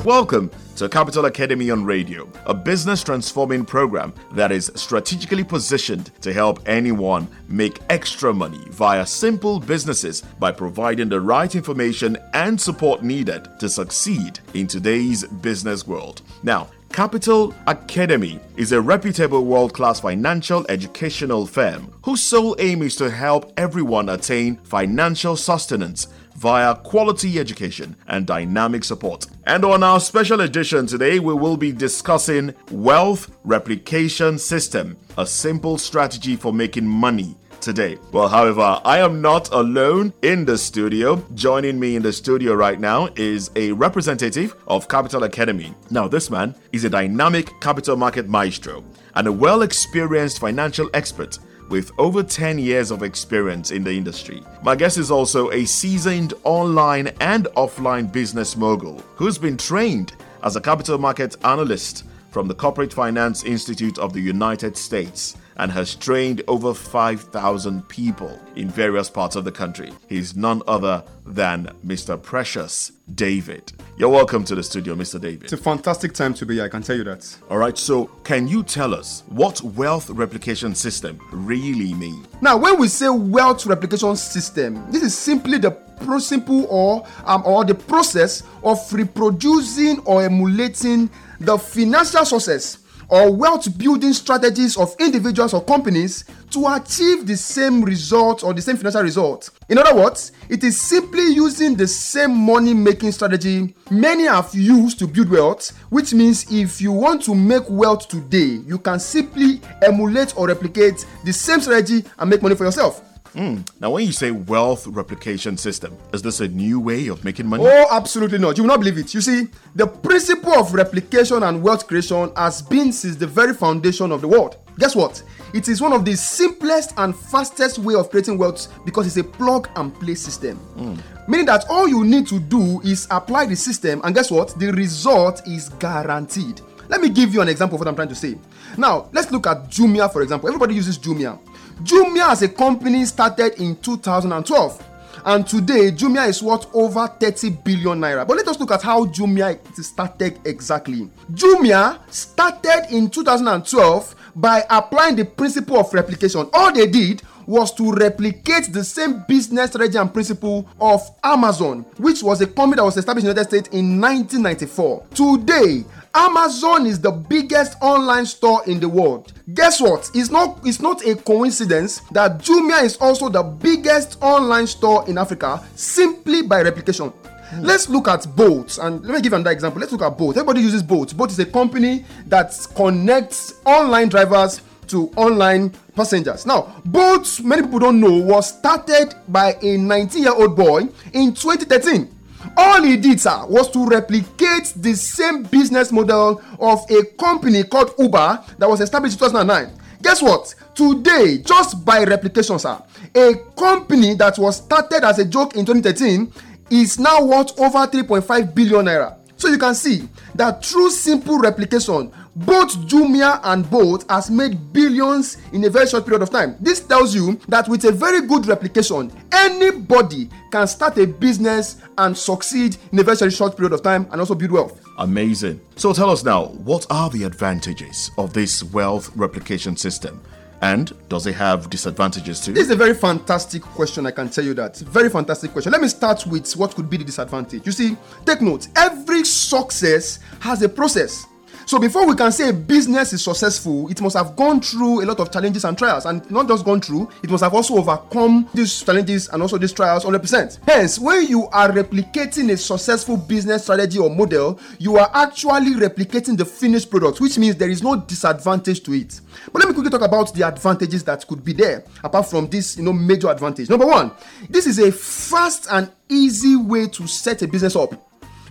Welcome to Capital Academy on Radio, a business transforming program that is strategically positioned to help anyone make extra money via simple businesses by providing the right information and support needed to succeed in today's business world. Now, Capital Academy is a reputable world class financial educational firm whose sole aim is to help everyone attain financial sustenance via quality education and dynamic support. And on our special edition today, we will be discussing Wealth Replication System, a simple strategy for making money today. Well, however, I am not alone in the studio. Joining me in the studio right now is a representative of Capital Academy. Now, this man is a dynamic capital market maestro and a well experienced financial expert with over 10 years of experience in the industry. My guest is also a seasoned online and offline business mogul who's been trained as a capital market analyst from the Corporate Finance Institute of the United States and has trained over 5,000 people in various parts of the country. He's none other than Mr. Precious David. You're welcome to the studio, Mr. David. It's a fantastic time to be here, I can tell you that. All right, so can you tell us what wealth replication system really means? Now, when we say wealth replication system, this is simply the simple or um, or the process of reproducing or emulating the financial success or wealth building strategies of individuals or companies to achieve the same result or the same financial result. In other words, it is simply using the same money making strategy many have used to build wealth, which means if you want to make wealth today, you can simply emulate or replicate the same strategy and make money for yourself. Mm. Now, when you say wealth replication system, is this a new way of making money? Oh, absolutely not. You will not believe it. You see, the principle of replication and wealth creation has been since the very foundation of the world. Guess what? It is one of the simplest and fastest way of creating wealth because it's a plug and play system. Mm. Meaning that all you need to do is apply the system, and guess what? The result is guaranteed. Let me give you an example of what I'm trying to say. Now, let's look at Jumia, for example. Everybody uses Jumia. Jumia as a company started in 2012 and today Jumia is worth over 30 billion naira. But let us look at how Jumia started exactly. Jumia started in 2012 by applying the principle of replication. All they did was to replicate the same business strategy and principle of Amazon, which was a company that was established in the United States in 1994. Today, Amazon is the biggest online store in the world. Guess what? It's not it's not a coincidence that Jumia is also the biggest online store in Africa simply by replication. Mm. Let's look at Bolt and let me give another example. Let's look at Bolt. Everybody uses Bolt. Bolt is a company that connects online drivers to online passengers. Now, Bolt, many people don't know, was started by a 19-year-old boy in 2013 All he did, sir, was to replicate the same business model of a company called Uber that was established in 2009. Guess what? Today, just by replication, sir, a company that was started as a joke in 2013 is now worth over 3.5 billion naira. So you can see that through simple replication, both Jumia and Bolt has made billions in a very short period of time. This tells you that with a very good replication, anybody can start a business and succeed in a very short period of time and also build wealth. Amazing. So tell us now, what are the advantages of this wealth replication system? And does it have disadvantages too? This is a very fantastic question, I can tell you that. Very fantastic question. Let me start with what could be the disadvantage. You see, take note every success has a process. So before we can say a business is successful, it must have gone through a lot of challenges and trials, and not just gone through, it must have also overcome these challenges and also these trials 100%. Hence, when you are replicating a successful business strategy or model, you are actually replicating the finished product, which means there is no disadvantage to it. But let me quickly talk about the advantages that could be there apart from this, you know, major advantage. Number one, this is a fast and easy way to set a business up.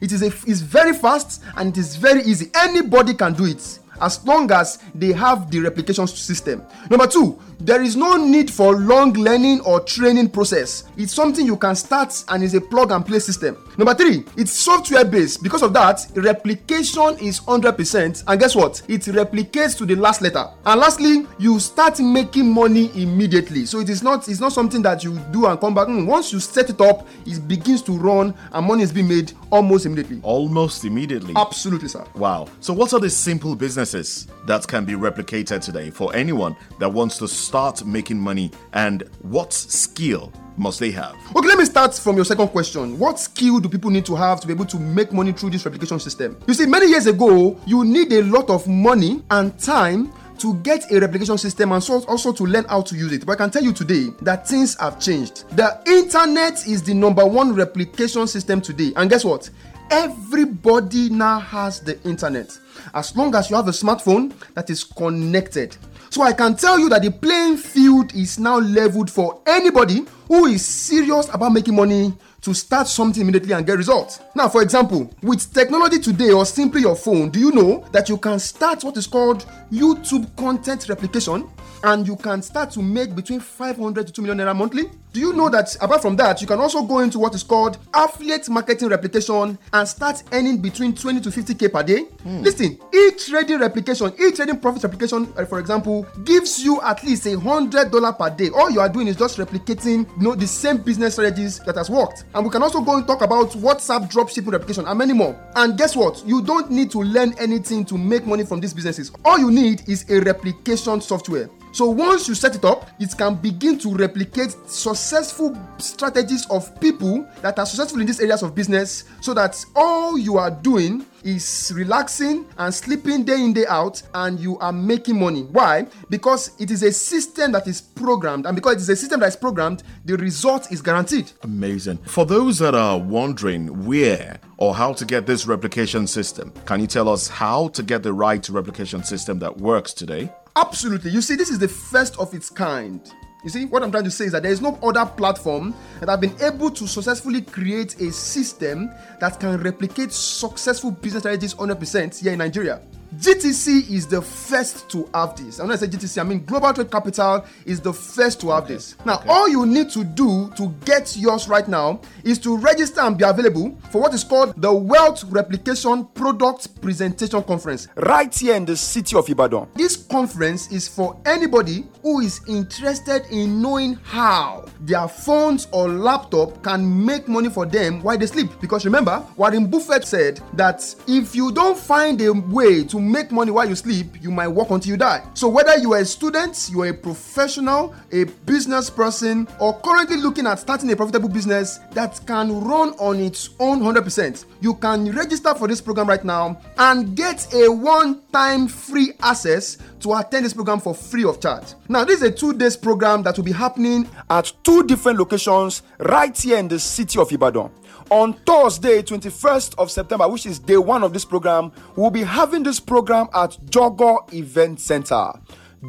It is a, it's very fast and it is very easy. Anybody can do it as long as they have the replication system. Number two, there is no need for long learning or training process. It's something you can start and is a plug and play system. Number three, it's software based. Because of that, replication is 100%. And guess what? It replicates to the last letter. And lastly, you start making money immediately. So it is not, it's not something that you do and come back. Mm, once you set it up, it begins to run and money is being made almost immediately. Almost immediately? Absolutely, sir. Wow. So what are the simple business businesses that can be replicated today for anyone that wants to start making money and what skill must they have? Okay, let me start from your second question. What skill do people need to have to be able to make money through this replication system? You see, many years ago, you need a lot of money and time to get a replication system and so also to learn how to use it. But I can tell you today that things have changed. The internet is the number one replication system today. And guess what? Everybody now has the internet as long as you have a smartphone that is connected. So I can tell you that the playing field is now leveled for anybody who is serious about making money to start something immediately and get results. Now, for example, with technology today or simply your phone, do you know that you can start what is called YouTube content replication? And you can start to make between 500 to 2 million naira monthly. Do you know that apart from that, you can also go into what is called affiliate marketing replication and start earning between 20 to 50k per day? Mm. Listen, each trading replication, each trading profit replication, uh, for example, gives you at least a hundred dollar per day. All you are doing is just replicating, you know, the same business strategies that has worked. and we can also go and talk about WhatsApp dropshipping application and many more. And guess what? You don't need to learn anything to make money from these businesses. All you need is a replication software. So once you set it up, it can begin to replicate successful strategies of people that are successful in these areas of business so that all you are doing is relaxing and sleeping day in day out and you are making money why because it is a system that is programmed and because it is a system that is programmed the result is guaranteed amazing for those that are wondering where or how to get this replication system can you tell us how to get the right replication system that works today Absolutely. You see, this is the first of its kind. You see, what I'm trying to say is that there is no other platform that have been able to successfully create a system that can replicate successful business strategies 100% here in Nigeria. GTC is the first to have this. And when I say GTC, I mean Global Trade Capital is the first to have okay. this. Now, okay. all you need to do to get yours right now is to register and be available for what is called the Wealth Replication Product Presentation Conference right here in the city of Ibadan. This conference is for anybody who is interested in knowing how their phones or laptop can make money for them while they sleep. Because remember, Warren Buffett said that if you don't find a way to make money while you sleep, you might work until you die. So, whether you are a student, you are a professional, a business person, or currently looking at starting a profitable business that can run on its own 100%, you can register for this program right now and get a one time free access to attend this program for free of charge. Now, this is a two days program that will be happening at two different locations right here in the city of Ibadan on Thursday, 21st of September, which is day one of this program, we'll be having this program at Jogo Event Center.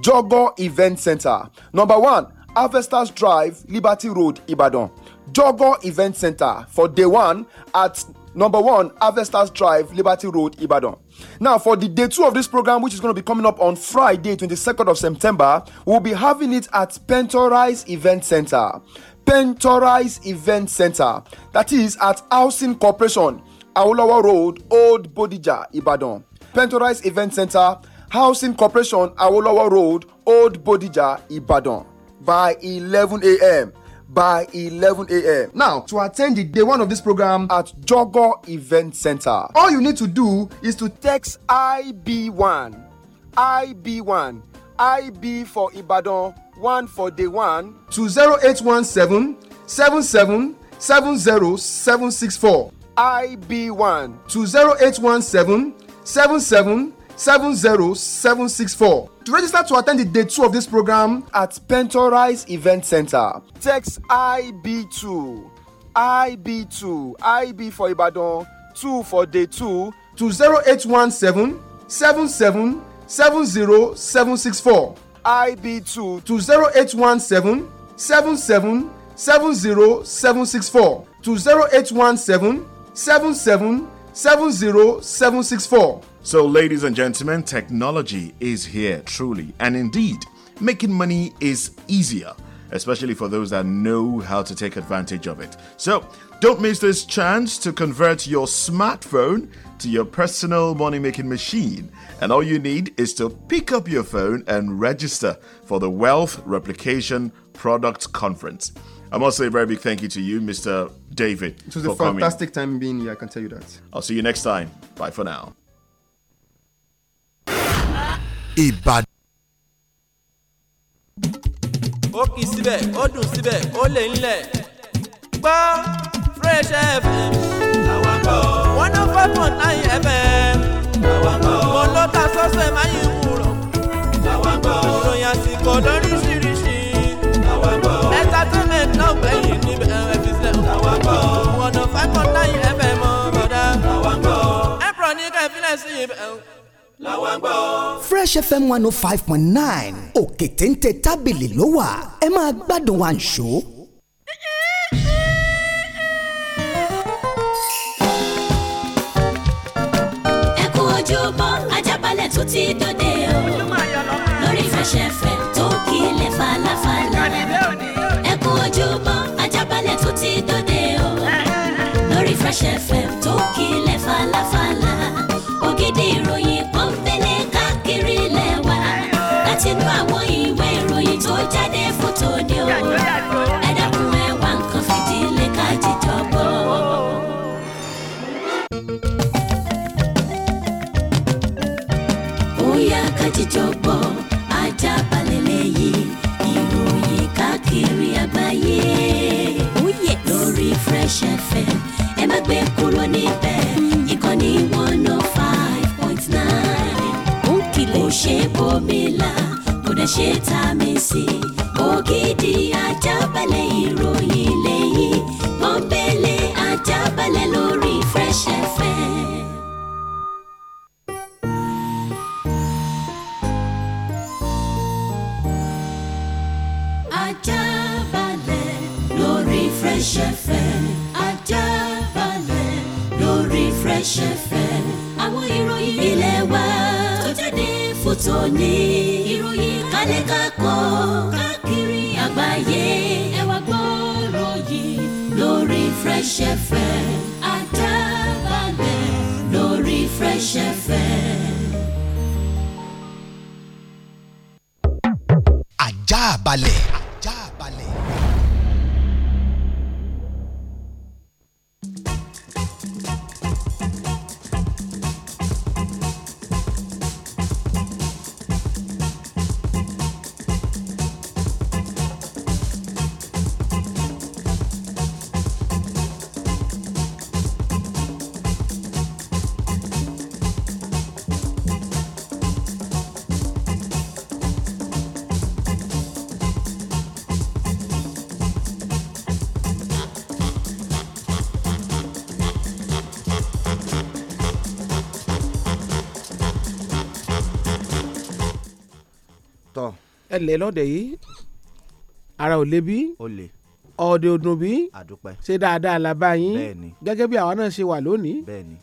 Jogo Event Center. Number one, Avestas Drive, Liberty Road, Ibadan. Jogo Event Center for day one at number one, Avestas Drive, Liberty Road, Ibadan. Now, for the day two of this program, which is going to be coming up on Friday, 22nd of September, we'll be having it at Pentorize Event Center. Pentorize Event Center that is at Housing Corporation, Awolowo Road, Old Bodija, Ibadan. Pentorize Event Center, Housing Corporation, Awolowo Road, Old Bodija, Ibadan by 11 a.m. by 11 a.m. Now, to attend the day one of this program at Jogo Event Center, all you need to do is to text IB1 IB1 IB for Ibadan, one for day one. to zero eight one seven seven seven seven zero seven six four. IB one. to zero eight one seven seven seven seven zero seven six four. To register to attend the day two of this program at Pentorize Event Center, text ib two, ib two, IB for Ibadan, two for day 2 to seven seven. seven zero seven six four ib two to zero eight one seven seven seven seven zero seven six four to So, ladies and gentlemen, technology is here truly, and indeed, making money is easier especially for those that know how to take advantage of it. So don't miss this chance to convert your smartphone to your personal money making machine. And all you need is to pick up your phone and register for the Wealth Replication Product Conference. I must say a very big thank you to you, Mr. David. It was a fantastic coming. time being here, I can tell you that. I'll see you next time. Bye for now. Ibadan. síbẹ̀ ó síbẹ̀ ó lè ń lẹ̀ fresh fm. àwàkọ́. one oh five point nine fm. mo ló ta sọ́sẹ̀ máa yín mú rọ̀. àwàkọ́. àsìkò lóríṣiríṣi. entertainment náà gbẹ̀yìn níbẹ̀ ẹ̀fí sẹ́. àwàkọ́. one oh five point nine fm ọ̀dà. àwàkọ́. ẹ̀pọ̀ ní ká ìfilẹ̀ sí ibẹ̀ fresh fm one oh five point nine òkè téńté tábìlì ló wà ẹ máa gbádùn àǹṣó ti dòde o lórí fẹsẹ̀fẹ̀ tó kílẹ̀ falafala ẹ kú ojúmọ́ ajábalẹ̀ tó ti dòde o lórí fẹsẹ̀fẹ̀ tó kílẹ̀ falafala ògidì ìròyìn kan fẹ́lẹ́ káàkiri lẹ́wà látinú àwọn ìwé ìròyìn tó jáde fún. ṣe bòmílà kò dẹ̀ ṣe ta mi sí ògidì Ajabale, ìròyìn lẹ́yìn pọ́npẹ́lẹ́ Ajabale, lórí Fresh FM. Ajabale, lórí Fresh FM Ajabale, lórí Fresh FM àwọn ìròyìn ilé wa tòní. ìròyìn kálẹ̀ kakọ́ káàkiri àgbáyé. ẹ wá gbọ́rọ̀ yìí lórí Fresh FM Àdábàgbẹ̀ lórí Fresh FM. àjà balẹ̀. ẹyẹ lọ́dẹ yìí ara ò lé bí ọ̀dẹ ọdún bí ṣe dáadáa la bá yín gẹ́gẹ́ bí àwa náà ṣe wà lónìí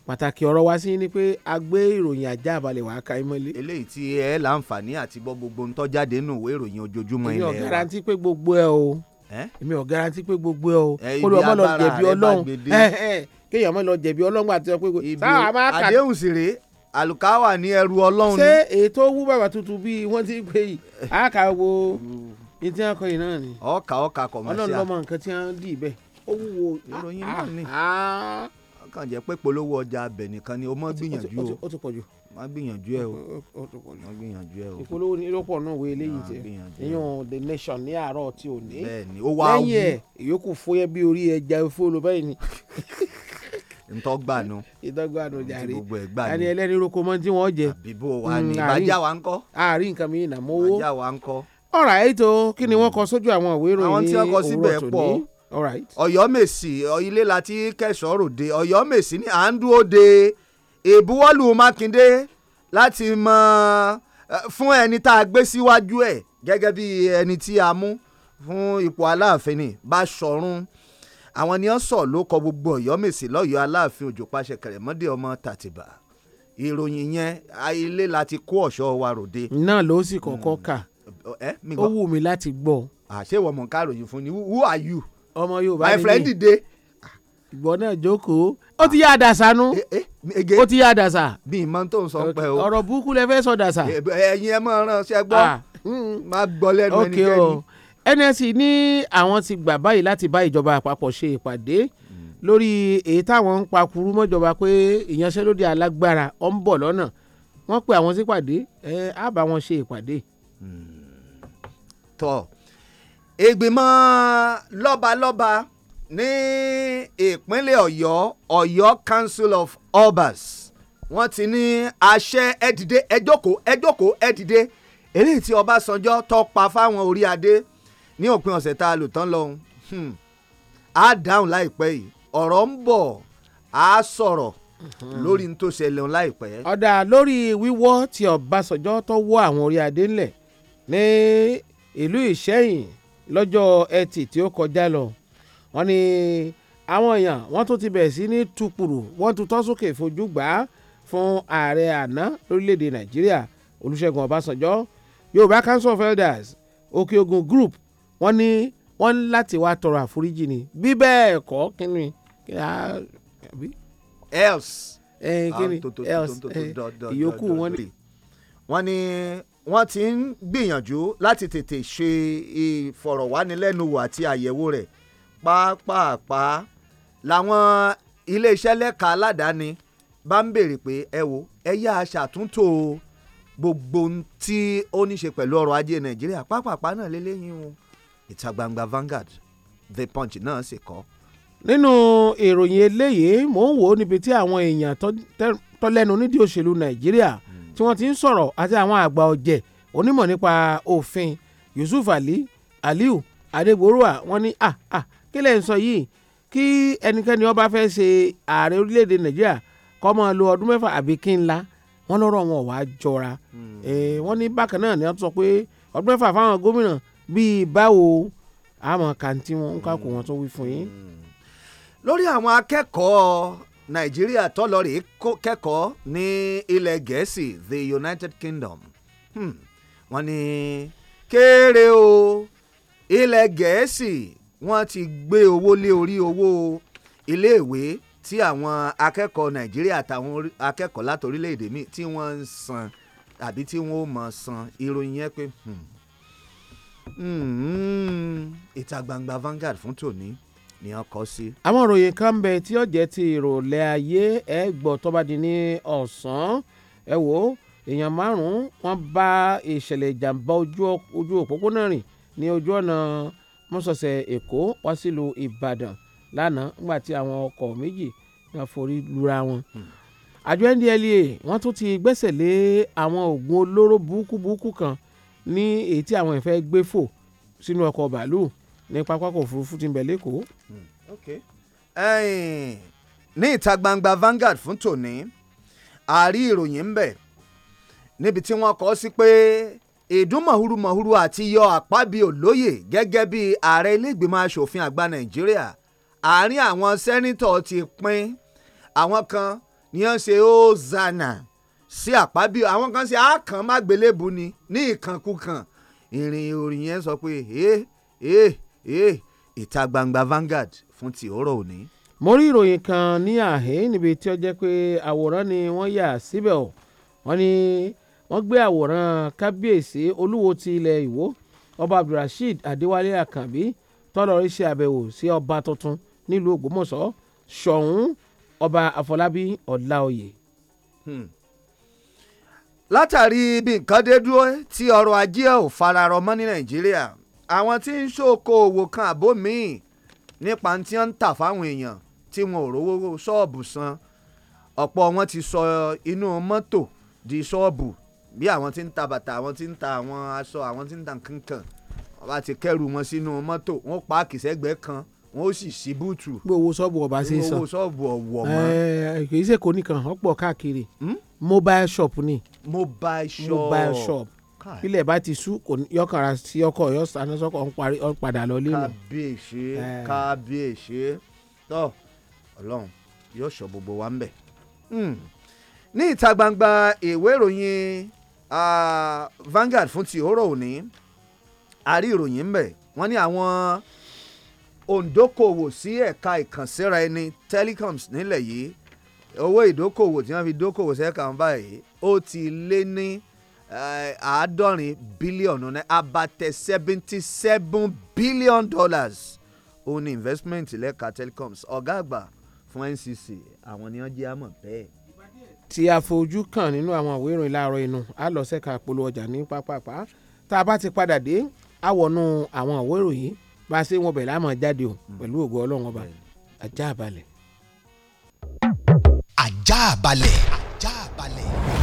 pàtàkì ọ̀rọ̀ wa sí ni pé a gbé ìròyìn ajá àbálẹ̀ wàá ka ẹ mọ́lé. eléyìí tí ẹ láǹfààní àti gbọ́ gbogbo ń tó jáde nù ìwé ìròyìn ojoojúmọ́ ilé wa. èmi ò garanti pé gbogbo ẹ o èmi ò garanti pé gbogbo ẹ o kó ló ọmọ lọ jẹ̀bi ọlọ́run kéèyàn ọmọ lọ jẹ̀bi ọlọ́run àti ọ àlùkáwà ní ẹrù ọlọ́run ni. ṣé ètò owó bàbà tuntun bíi wọ́n ti pè yìí àkà wo ní tí wọ́n kọ yìí náà ni. ọkà ọkà kọmọṣíà ọlọ́run lọ́mọ nǹkan tí wọ́n dì bẹ́ẹ̀ ó wúwo. ìròyìn náà ni ah, ah. kàn jẹ́ pé polówó ọjà abẹ nìkan ni o mọ́ gbìyànjú o ó ti pọ̀ jù má gbìyànjú ẹ o ó ti má gbìyànjú ẹ o. ìpolówó ni ìrọ́pọ̀ náà wé eléyìí tẹ ìyọ̀n the nation ní àárọ̀ tí ò ní lẹ́yìn ẹ̀ ìyókù fóyẹ́ bí orí ẹja fóònù báyìí ni. ntọ́gbànú. ìtọ́gbànú jàre àní ẹlẹ́ni roko mọ́ tí wọ́n jẹ. àbíbó wa ni ìbájá mm, wa ń kọ́. àárín nǹkan mi ìnà mọ́wó. ìbájá wa ń kọ́. alright o kí ni wọ́n kọ mm. sójú àwọn ìwé ìròyìn ní òwúrọ̀ tòní. ọ̀yọ́mèsì ilé láti kẹsàn-án ròde ọ̀yọ́mèsì ni à ń dúró de ìbuwọ́lù mákindé láti mọ fún ẹni tá a gbé síwájú ẹ̀ gẹ́gẹ́ bí ẹni tí a mú fún ipò aláàfin ni Báṣọ̀run àwọn ni ó sọ ló kọ gbogbo ọ̀yọ́mèsì lọ́yọ̀ọ́ aláàfin òjò pàṣẹ kẹrẹ̀mọ́dé ọmọ tàtìbà ìròyìn yẹn ilé láti kó ọ̀ṣọ́ wa ròde. náà ló sì kọ́kọ́ hmm. kà ó wù mí láti gbọ́. àṣé ìwọ mọ̀ ń káròyìn fún ni who are you. ọmọ yorùbá ni my friend dìde. ìgbọ́ náà jókòó ó ti yá àdàsá nú eh, eh, ó ti yá àdàsá. bí ìmọ̀ tó ń sọ pé o. ọ̀rọ̀ burúkú lẹ fẹ́ sọ dàsá. Eh, ẹ̀yin ẹ máa ràn ṣẹ́ gbọ́ ah. hmm, máa gbọ́ lẹ́nu ẹnikẹ́ni. NLC e ní àwọn ti gbà báyìí láti bá ìjọba àpapọ̀ ṣe ìpàdé lórí èyí táwọn ń pakuru mọ́jọba pé ìyanṣẹ́lódì alágbára ọ̀ ń bọ̀ lọ́nà wọ́n pe àwọn sípàdé ẹ á bá wọn ṣe ìpàdé. tọ́ ìgbìmọ̀ lọ́balọ́ba ní ìpínlẹ̀ ọ̀yọ́ ọ̀yọ́ council of obas wọ́n ti ní àṣẹ ẹ̀dìdé ẹjọ́kòó ẹjọ́kòó ẹ̀dìdé eléyìí tí ọbásanjọ́ tọ́ pa fáwọn orí adé ní òpin ọ̀sẹ̀ tá a lò tán lọ́hùn á hmm. dáhùn láìpẹ́ yìí ọ̀rọ̀ ń bọ̀ á sọ̀rọ̀ hmm. lórí ní tó ṣẹlẹ̀ láìpẹ́. ọ̀dà lórí wíwọ́ tí Ọbásanjọ́ tó wọ́ àwọn orí adé ńlẹ̀ ní ìlú Ìṣẹ́yìn lọ́jọ́ Ẹtì tí ó kọjá lọ wọ́n ní àwọn èèyàn wọ́n tún ti bẹ̀rẹ̀ sí ní tupùrù wọ́n tún tọ́ sókè fojú gbà á fún ààrẹ àná lórílẹ̀‐èdè Nàìjíríà Olúṣẹ́gun Ọbásanjọ́ Yorùbá Council of Elders Òkè Ògùn Group wọ́n ní wọ́n ní láti wá tọrọ àforíjì ni bí bẹ́ẹ̀ kọ́ kí ni àbí. else kí ni else ìyókù wọn ni. wọ́n ní wọ́n ti ń gbìyànjú láti tètè ṣe ìfọ̀rọ̀wánilẹ́nuwò àti àyẹ̀wò rẹ̀ pàápàá làwọn iléeṣẹ́ lẹ́ka aládàáni bá ń béèrè pé ẹ wo ẹ yá aṣàtúntò gbogbo ohun tí ó ní ṣe pẹ̀lú ọrọ̀ ajé nàìjíríà pápápá náà lélẹ́yìn o ìta gbangba Vanguard The Punch náà sì kọ. nínú ìròyìn eléyìí mò ń wò ó níbi tí àwọn èèyàn tọ́lẹ́nu nídìí òṣèlú Nàìjíríà tí wọ́n ti ń sọ̀rọ̀ àti àwọn àgbà ọ̀jẹ̀ onímọ̀ nípa òfin Yusuf Ali Aliu Adegborua wọ́n ní à ah, à ah, kí lẹ̀ ń sọ yìí kí ẹnikẹ́ni ọba fẹ́ ṣe ààrẹ orílẹ̀-èdè Nàìjíríà kó máa lo ọdún mẹ́fà àbí kí ńlá wọ́n lọ́rọ̀ wọn ò wá jọra hmm. wọ́n ní bákan náà ni wọ́n sọ pé ọdún mẹ́fà fáwọn gómìnà bíi báwo àmọ́ kàǹtí wọn ń kàkó wọn tó wí fún yín. lórí àwọn akẹ́kọ̀ọ́ nàìjíríà tọ́lọ́rì kẹ́kọ̀ọ́ ní ilẹ̀ gẹ̀ẹ́sì the united kingdom hmm. wọ́n ní kéré o ilẹ̀ gẹ̀ẹ́sì wọ́n ti gbé owó lé orí owó iléèwé tí àwọn akẹ́kọ̀ọ́ nàìjíríà àtàwọn akẹ́kọ̀ọ́ láti orílẹ̀-èdè míì tí wọ́n ń san àbí tí wọ́n ó mọ̀ san ìròyìn yẹn pé. Hmm. Hmm. ìta gbangba Vanguard fún tòní ni wọ́n kọ sí. àwọn òròyìn kan ń bẹ tí ó jẹ́ ti ìrọ̀lẹ́ ayé ẹ gbọ́ tó bá di ní ọ̀sán ẹ wò ó èèyàn márùn-ún wọ́n bá ìṣẹ̀lẹ̀ ìjàmbá ojú òpópónà rìn ní ojú ọ̀nà mọ́sọ̀ọ̀sẹ̀ èkó wá sílùú ìbàdàn lánàá nígbà tí àwọn ọkọ̀ méjì náà forí lura wọn. Hmm. àjọ NDLEA wọ́n tún ti gbẹ́sẹ̀ lé àwọn oògùn olóró burúkú burúkú kan ní èyí tí àwọn ìfẹ́ gbé fò sínú ọkọ̀ bàálù ní pápákọ̀ òfurufú tí ń bẹ lẹ́kọ̀ọ́. Hmm, ní ìta gbangba Vanguard fún tòní àárí ìròyìn ń bẹ níbi tí wọ́n kọ sí pé ìdúnmọ̀húrú mọ̀húrú àti yọ àpábí olóyè gẹ́gẹ́ bí ààrẹ ilégbèmọ̀ asòfin àgbà Nàìjíríà àárín àwọn sẹ́nitọ̀ ti pín àwọn kan ni wọ́n ṣe ó zànà sí àpábí àwọn kan sí àkàn mágbélébu ni ní ìkànkùkàn ìrìn orin yẹn sọ pé ee ee ee ìta gbangba Vanguard fún ti òórọ̀ òní. mo rí ìròyìn kan ní àhín níbi tí ó jẹ́ pé àwòrán ni wọ́n yà síbẹ̀ o wọ́n ní wọ́n gbé àwòrán kábíyèsí olúwo ti ilẹ̀ ìwó ọba abdulrasheed adéwálé àkànbí tọ́lọ̀ rí ṣe àbẹ̀wò sí ọba tuntun nílùú ògbómọ̀ṣọ́ ṣọ̀ún ọba àfọlábí ọláoyè. Hmm látàrí bí nǹkan dé dúró tí ọrọ̀ ajé ò fararọ mọ́ ní nàìjíríà àwọn tí ń ṣòkòòwò kan àbó míì nípa tí wọ́n ń tà fáwọn èèyàn tí wọn ò rówó ṣọ́ọ̀bù san ọ̀pọ̀ wọn ti sọ inú mọ́tò di ṣọ́ọ̀bù bí àwọn tí ń ta bàtà àwọn tí ń ta àwọn aṣọ àwọn tí ń ta nǹkan kan wọ́n bá ti kẹ́rù wọn sínú mọ́tò wọ́n páàkì sẹ́gbẹ̀ẹ́ kan wọn ó sì ṣe búùtù. gbowó sọ́ọ̀bù ọ̀bà ṣe sàn gbowó sọ́ọ̀bù ọ̀wọ̀ mọ́. kì í ṣe kò nìkan ọ̀pọ̀ káàkiri hmm? mobile shop ni. mobile shop mobile shop ilẹ̀ bá ti sú yọkànra sí ọkọ̀ yọ̀sánásọ́kọ̀ ń padà lọ lé mi. kábíyèsí kábíyèsí tó ọlọ́run yóò sọ gbogbo wa ń bẹ̀. Hmm. ní ìta gbangba ìwé ìròyìn Vanguard fún ti òórọ̀ òní àrí ìròyìn ń bẹ̀ wọ́n ní àwọn òǹdókòwò sí ẹ̀ka ìkànsíra ẹni telecoms nílẹ̀ yìí owó ìdókòwò tí wọ́n fi dókòwò sẹ́ka ń báyìí ó ti lé ní eh, àádọ́rin bílíọ̀nù náírà abatẹ seventy seven billion dollars òun ni investment lẹ́ka telecoms ọ̀gá àgbà fún NCC àwọn ni wọ́n jẹ́ àmọ̀ bẹ́ẹ̀. tí a fojú kàn nínú àwọn ìwé ìròyìn láàárọ̀ inú a lọ sẹ́ka polówó ọjà ní pápápá tá a bá ti padà dé àwọn ìwé ìròyìn bá a ṣe wọn bẹ̀rẹ̀ àmọ́ jáde o hmm. pẹ̀lú ògo ọlọ́run ọba ajá balẹ̀. ajá balẹ̀. ajá balẹ̀.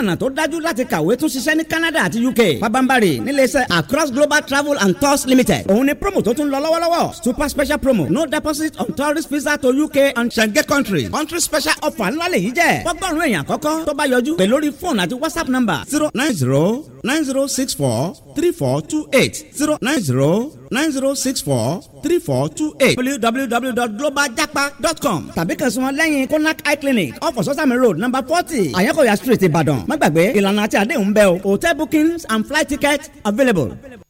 ọ̀nà tó dájú láti kàwé tún ṣiṣẹ́ ní Canada àti UK pabambari níléeṣẹ́ Across Global Travel and Tours Limited òun ni promo tó tún lọ lọ́wọ́lọ́wọ́ super special promo no deposit on tourist visa to UK and Schengen country country special offer ńlá lèyí jẹ́ fọ́gbọ́n èèyàn àkọ́kọ́ tó bá yọjú pẹ̀lú orí fóònù àti WhatsApp number zero nine zero nine zero six four three four two eight zero nine zero nine zero six four three four two eight www.globaljapa.com tàbí kàn sún wọn lẹ́yìn konak eye clinic off of sosami road number forty àyànkòyà street ìbàdàn má gbàgbé ìlànà àti àdéhùn bẹ́ẹ̀ o hotel bookings and flight tickets available. available.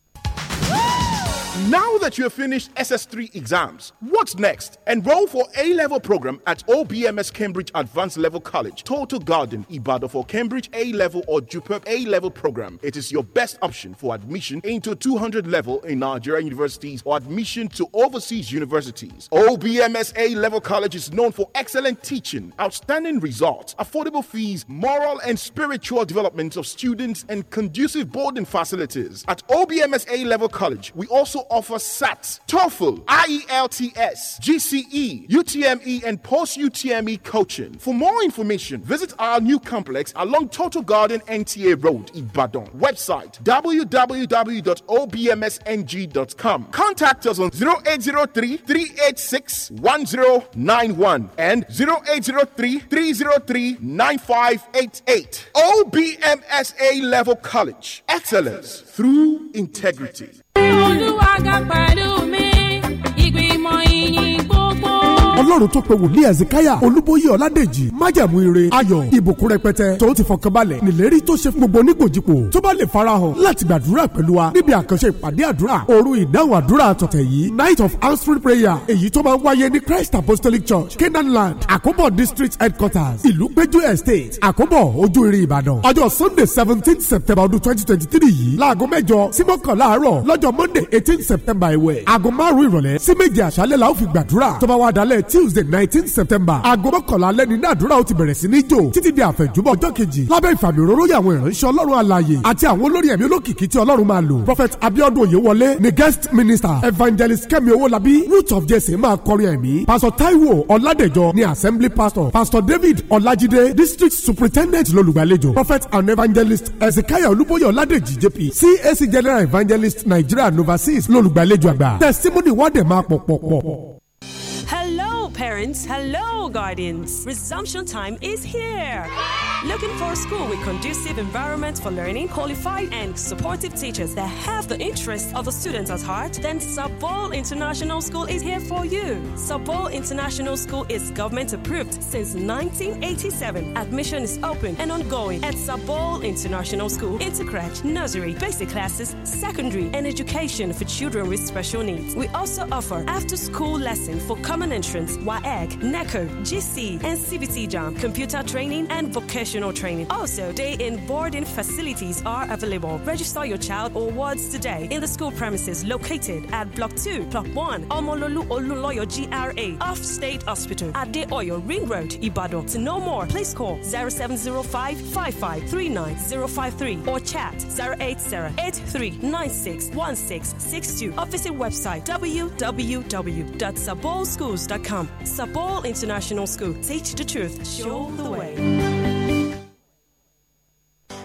Now that you have finished SS3 exams, what's next? Enroll for A-level program at OBMS Cambridge Advanced Level College, Total Garden, Ibadan for Cambridge A-level or Jupiter A-level program. It is your best option for admission into 200 level in Nigerian universities or admission to overseas universities. OBMS A-level college is known for excellent teaching, outstanding results, affordable fees, moral and spiritual development of students and conducive boarding facilities. At OBMS A-level college, we also offer offer SATs, TOEFL, IELTS, GCE, UTME, and post UTME coaching. For more information, visit our new complex along Total Garden NTA Road, Ibadan. Website www.obmsng.com. Contact us on 0803 386 1091 and 0803 303 9588. OBMSA Level College. Excellence through integrity. olúwa ga pẹ̀lú mi ìgbìmọ̀ ìyìnbó ọlọ́run tó pe wòlíì ẹ̀sìnkáyà olúbóyè ọ̀ládèjì májẹ̀mú ire ayọ̀ ìbùkún rẹpẹtẹ tó ti fọkànbalẹ̀ nìlérí tó ṣe fún gbogbo onígbòjìpò tó bá lè farahàn láti gbàdúrà pẹ̀lú wa níbi àkànṣe ìpàdé àdúrà òru ìdáhùn àdúrà àtọ̀tẹ̀ yìí night of answered prayer èyí tó máa ń wáyé ní christ apostolic church canaan land àkóbọ̀ district headquarters ìlú péjú estate àkóbọ̀ ojú irin ìbàdàn ọjọ́ sunday seventeen september ọdún twenty twenty three yìí láago mẹ́jọ sí mọ́kànlá àárọ̀ lọ́jọ́ monday eighteen september ìwẹ̀ aago márùn-ún ìrọ̀lẹ́ sí méje àṣálẹ́ la ó fi gbàdúrà tó bá wà dálẹ̀ tuesday nineteen september aago mọ́kànlá alẹ́ ni ní àdúrà ó ti bẹ̀rẹ̀ sí ní jò títí di àfẹ̀júbọ̀ ọjọ́ kejì lábẹ́ ìfàmì òróró yà àwọn ìránṣẹ́ ọlọ́run alààyè àti àwọn olórí ẹ̀mí olókìkí tí ọlọ́run máa lò prophet abiodun oyewole ni guest minister evangelist kẹ́mi owólabí root of jesse máa kọrin ẹ̀mí pastor taiwo ọládẹjọ ni assembly pastor pastor david ọlájídé district superintendent lolùgbàlejò prophet and evangelist ezekiah olúbóyè ọládèjì jp cac general evangelist nigeria and overseas lolùgbàlejò àgbà testimony wàdẹ̀ máa pọ̀ pọ̀ pọ̀. parents parents, hello, guardians! Resumption time is here! Looking for a school with conducive environment for learning, qualified and supportive teachers that have the interests of the students at heart? Then Sabol International School is here for you. Sabol International School is government approved since 1987. Admission is open and ongoing at Sabol International School. Intercratch, nursery, basic classes, secondary, and education for children with special needs. We also offer after-school lesson for common entrance while EGG, NECO, GC, and CBC Jam, computer training and vocational training. Also, day in boarding facilities are available. Register your child or wards today in the school premises located at Block 2, Block 1, Omololu Oluloyo GRA, Off State Hospital, at De Oyo Ring Road, Ibadan. To know more, please call 0705 or chat 080 or visit website www.sabolschools.com. A ball International School. Teach the truth, show the way.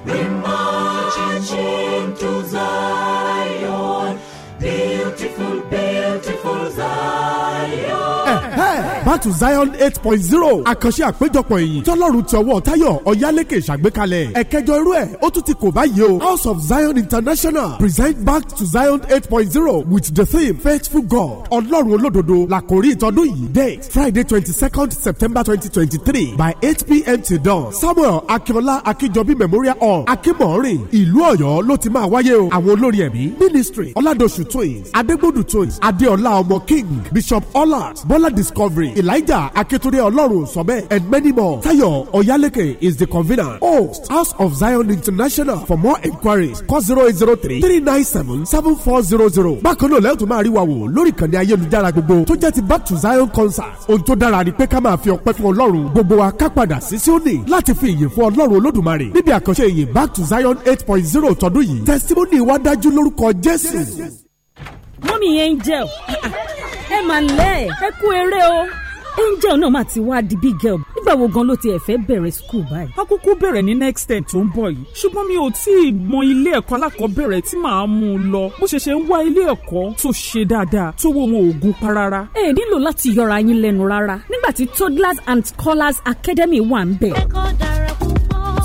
We're marching Zion, beautiful baby. back to zion eight point zero àkànṣe àpéjọpọ̀ èyí tọ́lọ́run ti ọwọ́ táyọ̀ ọ̀yálékè ṣàgbékalẹ̀ ẹ̀kẹjọ irú ẹ̀ ó tún ti kò báyìí o house of zion international present back to zion eight point zero with the theme faithful god ọlọ́run olódodo làkòrí ìtọ́dún yìí date friday twenty second september twenty twenty three by eight pm till dawn samuel akinola akinjobi memorial hall akimori ìlú ọ̀yọ́ ló ti máa wáyé o àwọn olórí ẹ̀mí ministry ọládọ̀sù twins adégbòdù twins Adeola ọmọ king bishop ọlá Bola disco recovery elijah akitunde ọlọ́run sọ́bẹ̀ edmenimo tayo oyaleke is the convener host house of zion international for more inquiries call zero eight zero three three nine seven seven four zero zero bákan náà lẹ́yìn tó máa rí wa wò lórí ìkànnì ayélujára gbogbo tó jẹ́ ti back to zion concert ohun tó dára ni pé ká máa fi ọpẹ́ fún ọlọ́run gbogbo wa ká padà sí Síónì láti fi ìyìn fún ọlọ́run olódùmarè níbi àkànṣe ìyìn back to zion eight point zero tọdún yìí testimony wa dájú lórúkọ jésù. mọ́mí yẹn ń jẹ́ o ẹ mà ńlẹ́ ẹ kú eré o angel náà mà ti wá di big girl nígbà wo gan ló ti ẹ̀ fẹ́ bẹ̀rẹ̀ school báyìí. akókó bẹ̀rẹ̀ ní next term tó ń bọ̀ yìí ṣùgbọ́n mi ò tí ì mọ ilé ẹ̀kọ́ alákọ̀ọ́bẹ̀rẹ̀ tí màá mú un lọ bó ṣe ṣe ń wá ilé ẹ̀kọ́ tó ṣe dáadáa tó wo wọn oògùn pa rárá. ẹ nílò láti yọra yín lẹ́nu rárá nígbà tí toddlers and scholars academy wà ń bẹ̀. ẹ̀kọ́ dára fún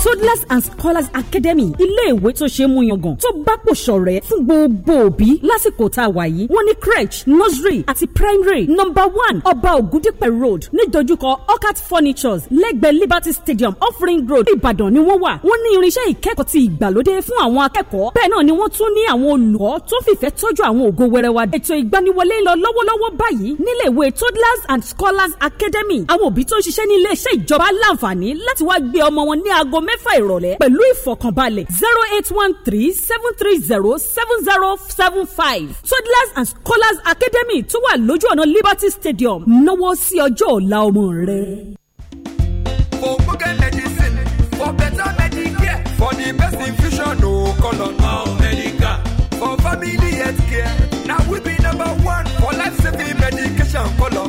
toddlers and scholars academy iléèwé tó ṣe é mú yangàn tó bápò ṣọ̀rẹ́ fún gbogbo òbí lásìkò tá a wà yìí wọ́n ní crèche nursery àti primary number one ọba ògúndípẹ̀ road nídojúkọ orchard furnitures lẹ́gbẹ̀ẹ́ liberty stadium offering road ìbàdàn ni wọ́n wà wọ́n ní irinṣẹ́ ìkẹ́kọ̀ọ́ ti ìgbàlódé fún àwọn akẹ́kọ̀ọ́ bẹ́ẹ̀ náà ni wọ́n tún ní àwọn olùkọ́ tó fìfẹ́ tọ́jú àwọn ògo wẹrẹ wa ètò ìgbaniwọlé ń lọ lọ́wọ́lọ́wọ́ báyìí nílé ìwé toddlers and scholars academy àwọn òbí tó ń ṣiṣẹ́ ní iléeṣẹ́ ìjọba láǹfààní láti wá gbé ọmọ wọn ní aago mẹ́ mẹ́fà ìrọ̀lẹ́ pẹ̀lú ìfọ̀kànbalẹ̀ zero eight one three seven three zero seven zero seven five toddlers and scholars academy tó wà lójú ọ̀nà liberty stadium náwó sí ọjọ́ ọ̀la ọmọ rẹ. for pocket medicine for better medicare for the best infusion no color. now medical for family health care na we be number one for life saving medication color.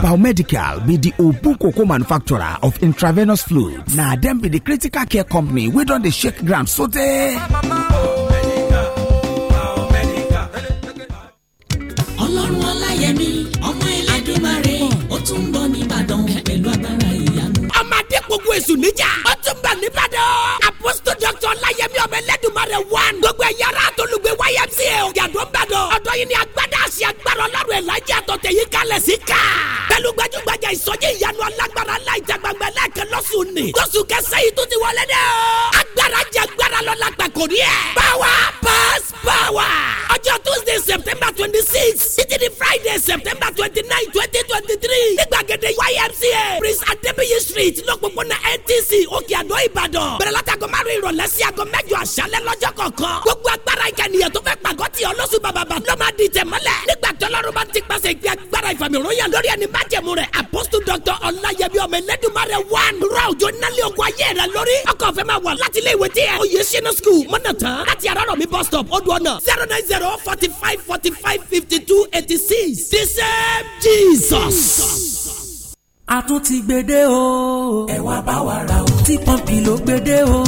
biomedical be the obu cocoa manufacturer of intravenous fluids na them be the critical care company wey don dey shake ground sotey. ọlọ́run ọmọdé gbogbo èṣù níjà ó tún bọ̀ nìbàdàn wáyẹmí ọmọ ẹlẹ́dùnmarè one gbogbo ẹ̀yà ara àtolùgbé YMCA o yàtọ̀ nbàdàn ọ̀dọ́ yìí ni agbada àṣì agbára ọlọ́run ẹ̀ lájà tọ̀tẹ̀ yìí kalẹ̀ sí ká pẹ̀lú gbajúgbajà ìsọjí ìyanu alágbára ńlá ìjàgbàgbà lẹ́ẹ̀kan lọ́sùn ni lọ́sùn kẹsẹ́ yìí tún ti wọlé dẹ́ o agbára jẹ agbára lọ́la gbà kò power pass power ọjọ́ tuesday september twenty six títí di friday september twenty nine twenty twenty three nígbàgede YMCA prince adebiyi street lọ́pọ̀pọ̀nà NTC òkè àdó ìbàdàn bẹ̀rẹ̀ látàgọ́ aago mẹ́jọ àṣálẹ́ lọ́jọ́ kọ̀ọ̀kan gbogbo agbára ìkànnìyàn tó fẹ́ pàgọ́ tì ọ́ lọ́sùn bàbàbà ló máa di tẹ̀mọ́lẹ̀ nígbà tó lọ́rùn bá ti pàṣẹ ìgbé agbára ìfàmìròyìn lórí ẹni bá jẹ̀mú rẹ̀ àpọ́sítù dọ́tọ̀ ọ̀làyẹmí ọmọ ẹlẹ́dùnmarẹ̀ wán rọ òjò nálẹ̀ ogun ayé rẹ̀ lórí ọkọ̀ fẹ́ máa wà láti ilé ìwé tí ẹ̀ oyè sinu school mọ́nà tán láti àrọ́rọ̀ mi bus stop odò ọ̀nà zero nine zero forty five forty five fifty two eighty six the same Jesus. Jesus a tún ti gbede o. ẹ wá bá wa ra o. tí pọ́ǹpì ló gbede o.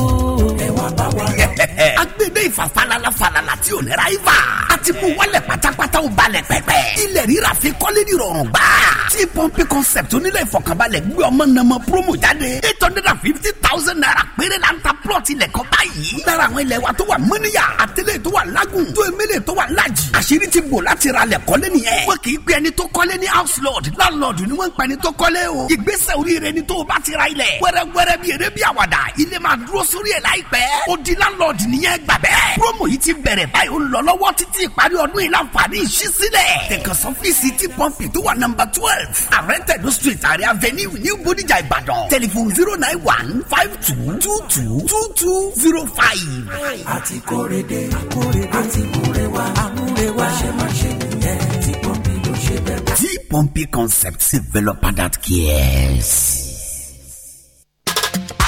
ẹ wá bá wa ra o. agbede ìfàfàlàlà falala tí ò ní ra ibà. a ti mú wálẹ̀ pátápátá ó balẹ̀ pẹ́pẹ́. ilẹ̀ rírà fi kọ́lé ní rọrùn gbáà tí pọ́ǹpì concept onílẹ̀ ìfọ̀kànbalẹ̀ gbé ọmọ nàmọ promo jáde eight hundred and fifty thousand naira péré la ń ta plot ilẹ̀ kan báyìí lára àwọn ilẹ̀ wa tó wà mọ́níyà àtẹlẹ́ tó wà lágùn tó emele tó wà lájì àṣírí ti bò láti ra lẹ̀ kọ́lé nìyẹn wọn kì í pe ẹni tó kọ́lé ní house lord landlord ni wọ́n ń pa ẹni tó kọ́lé o ìgbésẹ̀ oríire ni tó o bá ti ra ilẹ̀ wẹ́rẹ́wẹ́rẹ́ bí eré bí àwàdà ilé máa dúró sórí ẹ̀ láìpẹ́ ó di landlord nìyẹn gbà bẹ́ẹ̀ promo yìí ti bẹ̀rẹ̀ báyìí ó ń lọ lọ́wọ́ títí ìparí ọdún yìí láǹfààní ìṣísílẹ̀ tẹ̀kọ̀sọ́fíìsì tí pọ́ǹpì tó wà nọ́mbà twelve twelve arẹ́tẹ̀dó street àrẹ avenue new bodijà ìbàdàn telephone zero nine one five two two two two two zero five. àti kórede àkórede àti múrewa àmúrewa àṣemáṣe nìyẹn tí pọ́ǹpì ló ṣe bẹ́ẹ̀. tí pọ́ǹpì concept developer that cares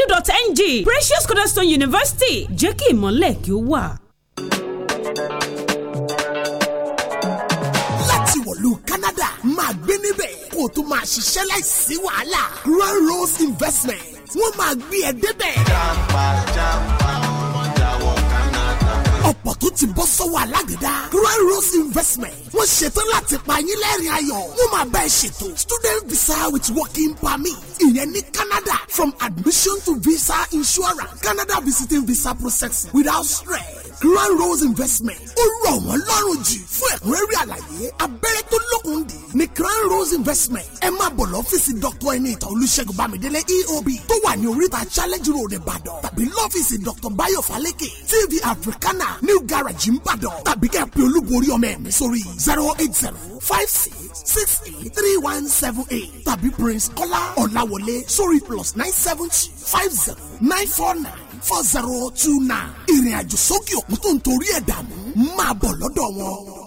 edu.ng Precious Cornerstone University jẹ́ kí ìmọ̀lẹ̀ kí ó wà. láti wọ̀lú Canada máa gbé níbẹ̀ kó o tún máa ṣiṣẹ́ láìsí wàhálà Grand Rose Investment wọ́n máa gbé ẹ débẹ̀. jàǹfà jàǹfà ọmọ jàwọ̀ kan ọ̀pọ̀ tó ti bọ́ sọ́wọ́ alágbèdá grand rose investment wọ́n ṣetán láti pa yín lẹ́rìn ayọ̀ wọ́n máa bá ṣètò student visa with working permit ìyẹn ní Canada from admission to visa insurance Canada visiting visa processing without stress grand rose investment ó rọ̀ wọ́n lọ́rùn jù fún ẹ̀kúnrẹ́rẹ́ àlàyé abẹ́rẹ́ tó lókun dì ní grand rose investment ẹ máa bọ̀ lọ́fíìsì dr ẹni ìtàn olùṣègùn bámidélé eob tó wà ní oríta challenge road ìbàdàn tàbí lọ́fíìsì dr bayo falẹ́kẹ̀ tv africana new garage in nìbàdàn tàbí kẹ́ ẹ pé olúborí ọmọ ẹ̀mí sórí zero eight zero five six six eight three one seven eight tàbí prince kọ́lá ọ̀làwọlé sórí plus nine seven two five zero nine four nine four zero two nine ìrìn àjò sókè òkun tó ń torí ẹ̀ máa bọ̀ lọ́dọ̀ wọn.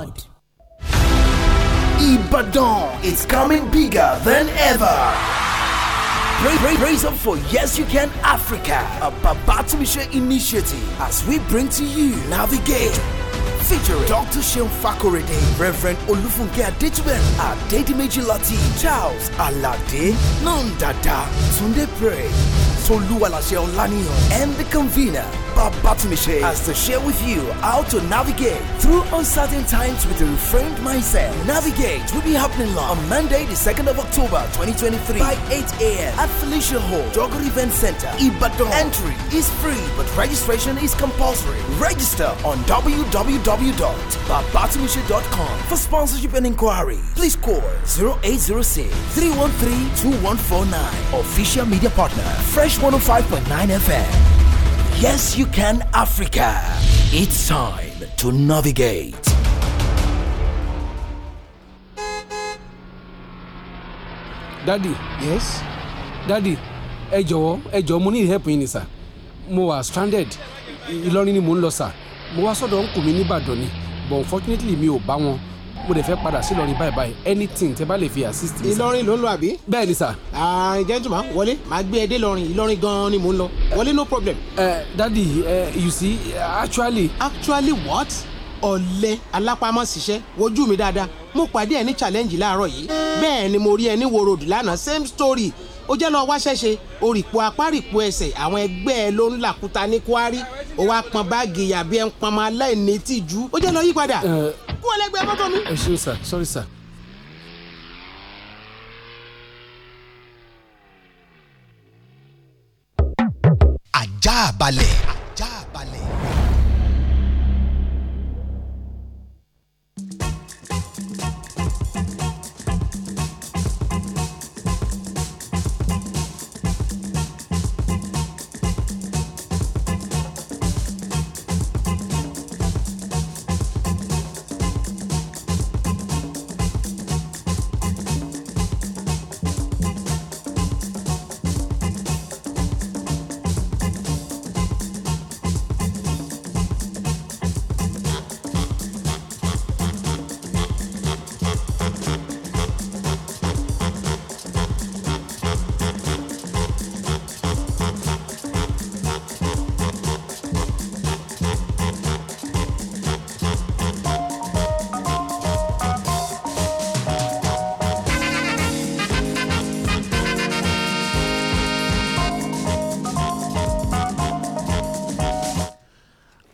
God. Ibadan is coming bigger than ever. Praise, up for Yes You Can Africa, a Babatubisha initiative as we bring to you Navigate featuring Dr. Shem Fakorede, Reverend Olufunke Adetuben, Adedimeji Lateef, Charles Alade, Nandada, Tunde Pray. Toluwalase Olaniyan and the convener Babatumishe has to share with you how to navigate through uncertain times with a reframed mindset. Navigate will be happening on Monday, the 2nd of October 2023 by 8 a.m. at Felicia Hall, Jogger Event Center, Ibadan. Entry is free but registration is compulsory. Register on www www.babatunde.com for sponsorship and inquiry. Please call 0806 313 2149. Official media partner, Fresh 105.9 FM. Yes, you can, Africa. It's time to navigate. Daddy. Yes. Daddy, ẹ jọ̀wọ́ ẹ jọ̀ọ́ mo need help yín sir. Mo wà stranded. Ìlọrin ni mò ń lọ sir mo wá sọ́dọ̀ ọ̀nkù mi nìbàdàn ni but unfortunately mi ò bá wọn mo dẹ̀ fẹ́ padà sí ìlọrin báyìí báyìí anything tẹ bá lè fi assist mi. ìlọrin ló ń lọ àbí. bẹ́ẹ̀ ni sà. gentleman wọlé màá gbé ẹ dé lọrin ìlọrin gan-an ni mò ń lọ wọlé no problem. ẹ uh, eh, dadi uh, eh, you see actually. actually what? ọ̀lẹ alápámọ́síṣẹ́ wojú mi dáadáa mo pàdé ẹ ní challenge láàárọ̀ yìí bẹ́ẹ̀ ni mo rí ẹ ní wo lánàá same story ó jẹ́ lọ́ọ́ wáṣẹ́ ṣe orìpò apárìpò ẹsẹ̀ àwọn ẹgbẹ́ ẹ ló ń làkúta ní kwari ó wá pọn báàgì yàbí ẹ ń pọn ọmọ aláìní tìjú ó jẹ́ lọ́ọ́ yí padà kú ọlẹ́gbẹ́ mọ́tò mi. ẹ ṣeun sir sorry sir. ajá balẹ̀.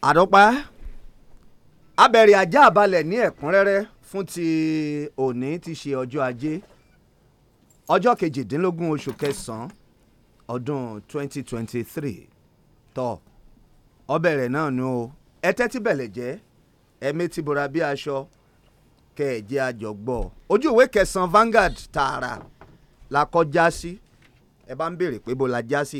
àdọ́pá abẹ̀rẹ̀ ajá àbálẹ̀ ní ẹ̀kúnrẹ́rẹ́ fún ti òní ti ṣe ọjọ́ ajé ọjọ́ kejìdínlógún oṣù kẹsàn-án ọdún 2023 tó ọbẹ̀rẹ̀ náà ni o ẹ tẹ́tí bẹ̀lẹ̀ jẹ́ ẹ méjì bora bí aṣọ kẹ̀ẹ̀jẹ́ àjọgbọ́ ojú ìwé kẹsàn-án Vanguard tààrà la kọjá sí ẹ bá ń béèrè pé bó la já sí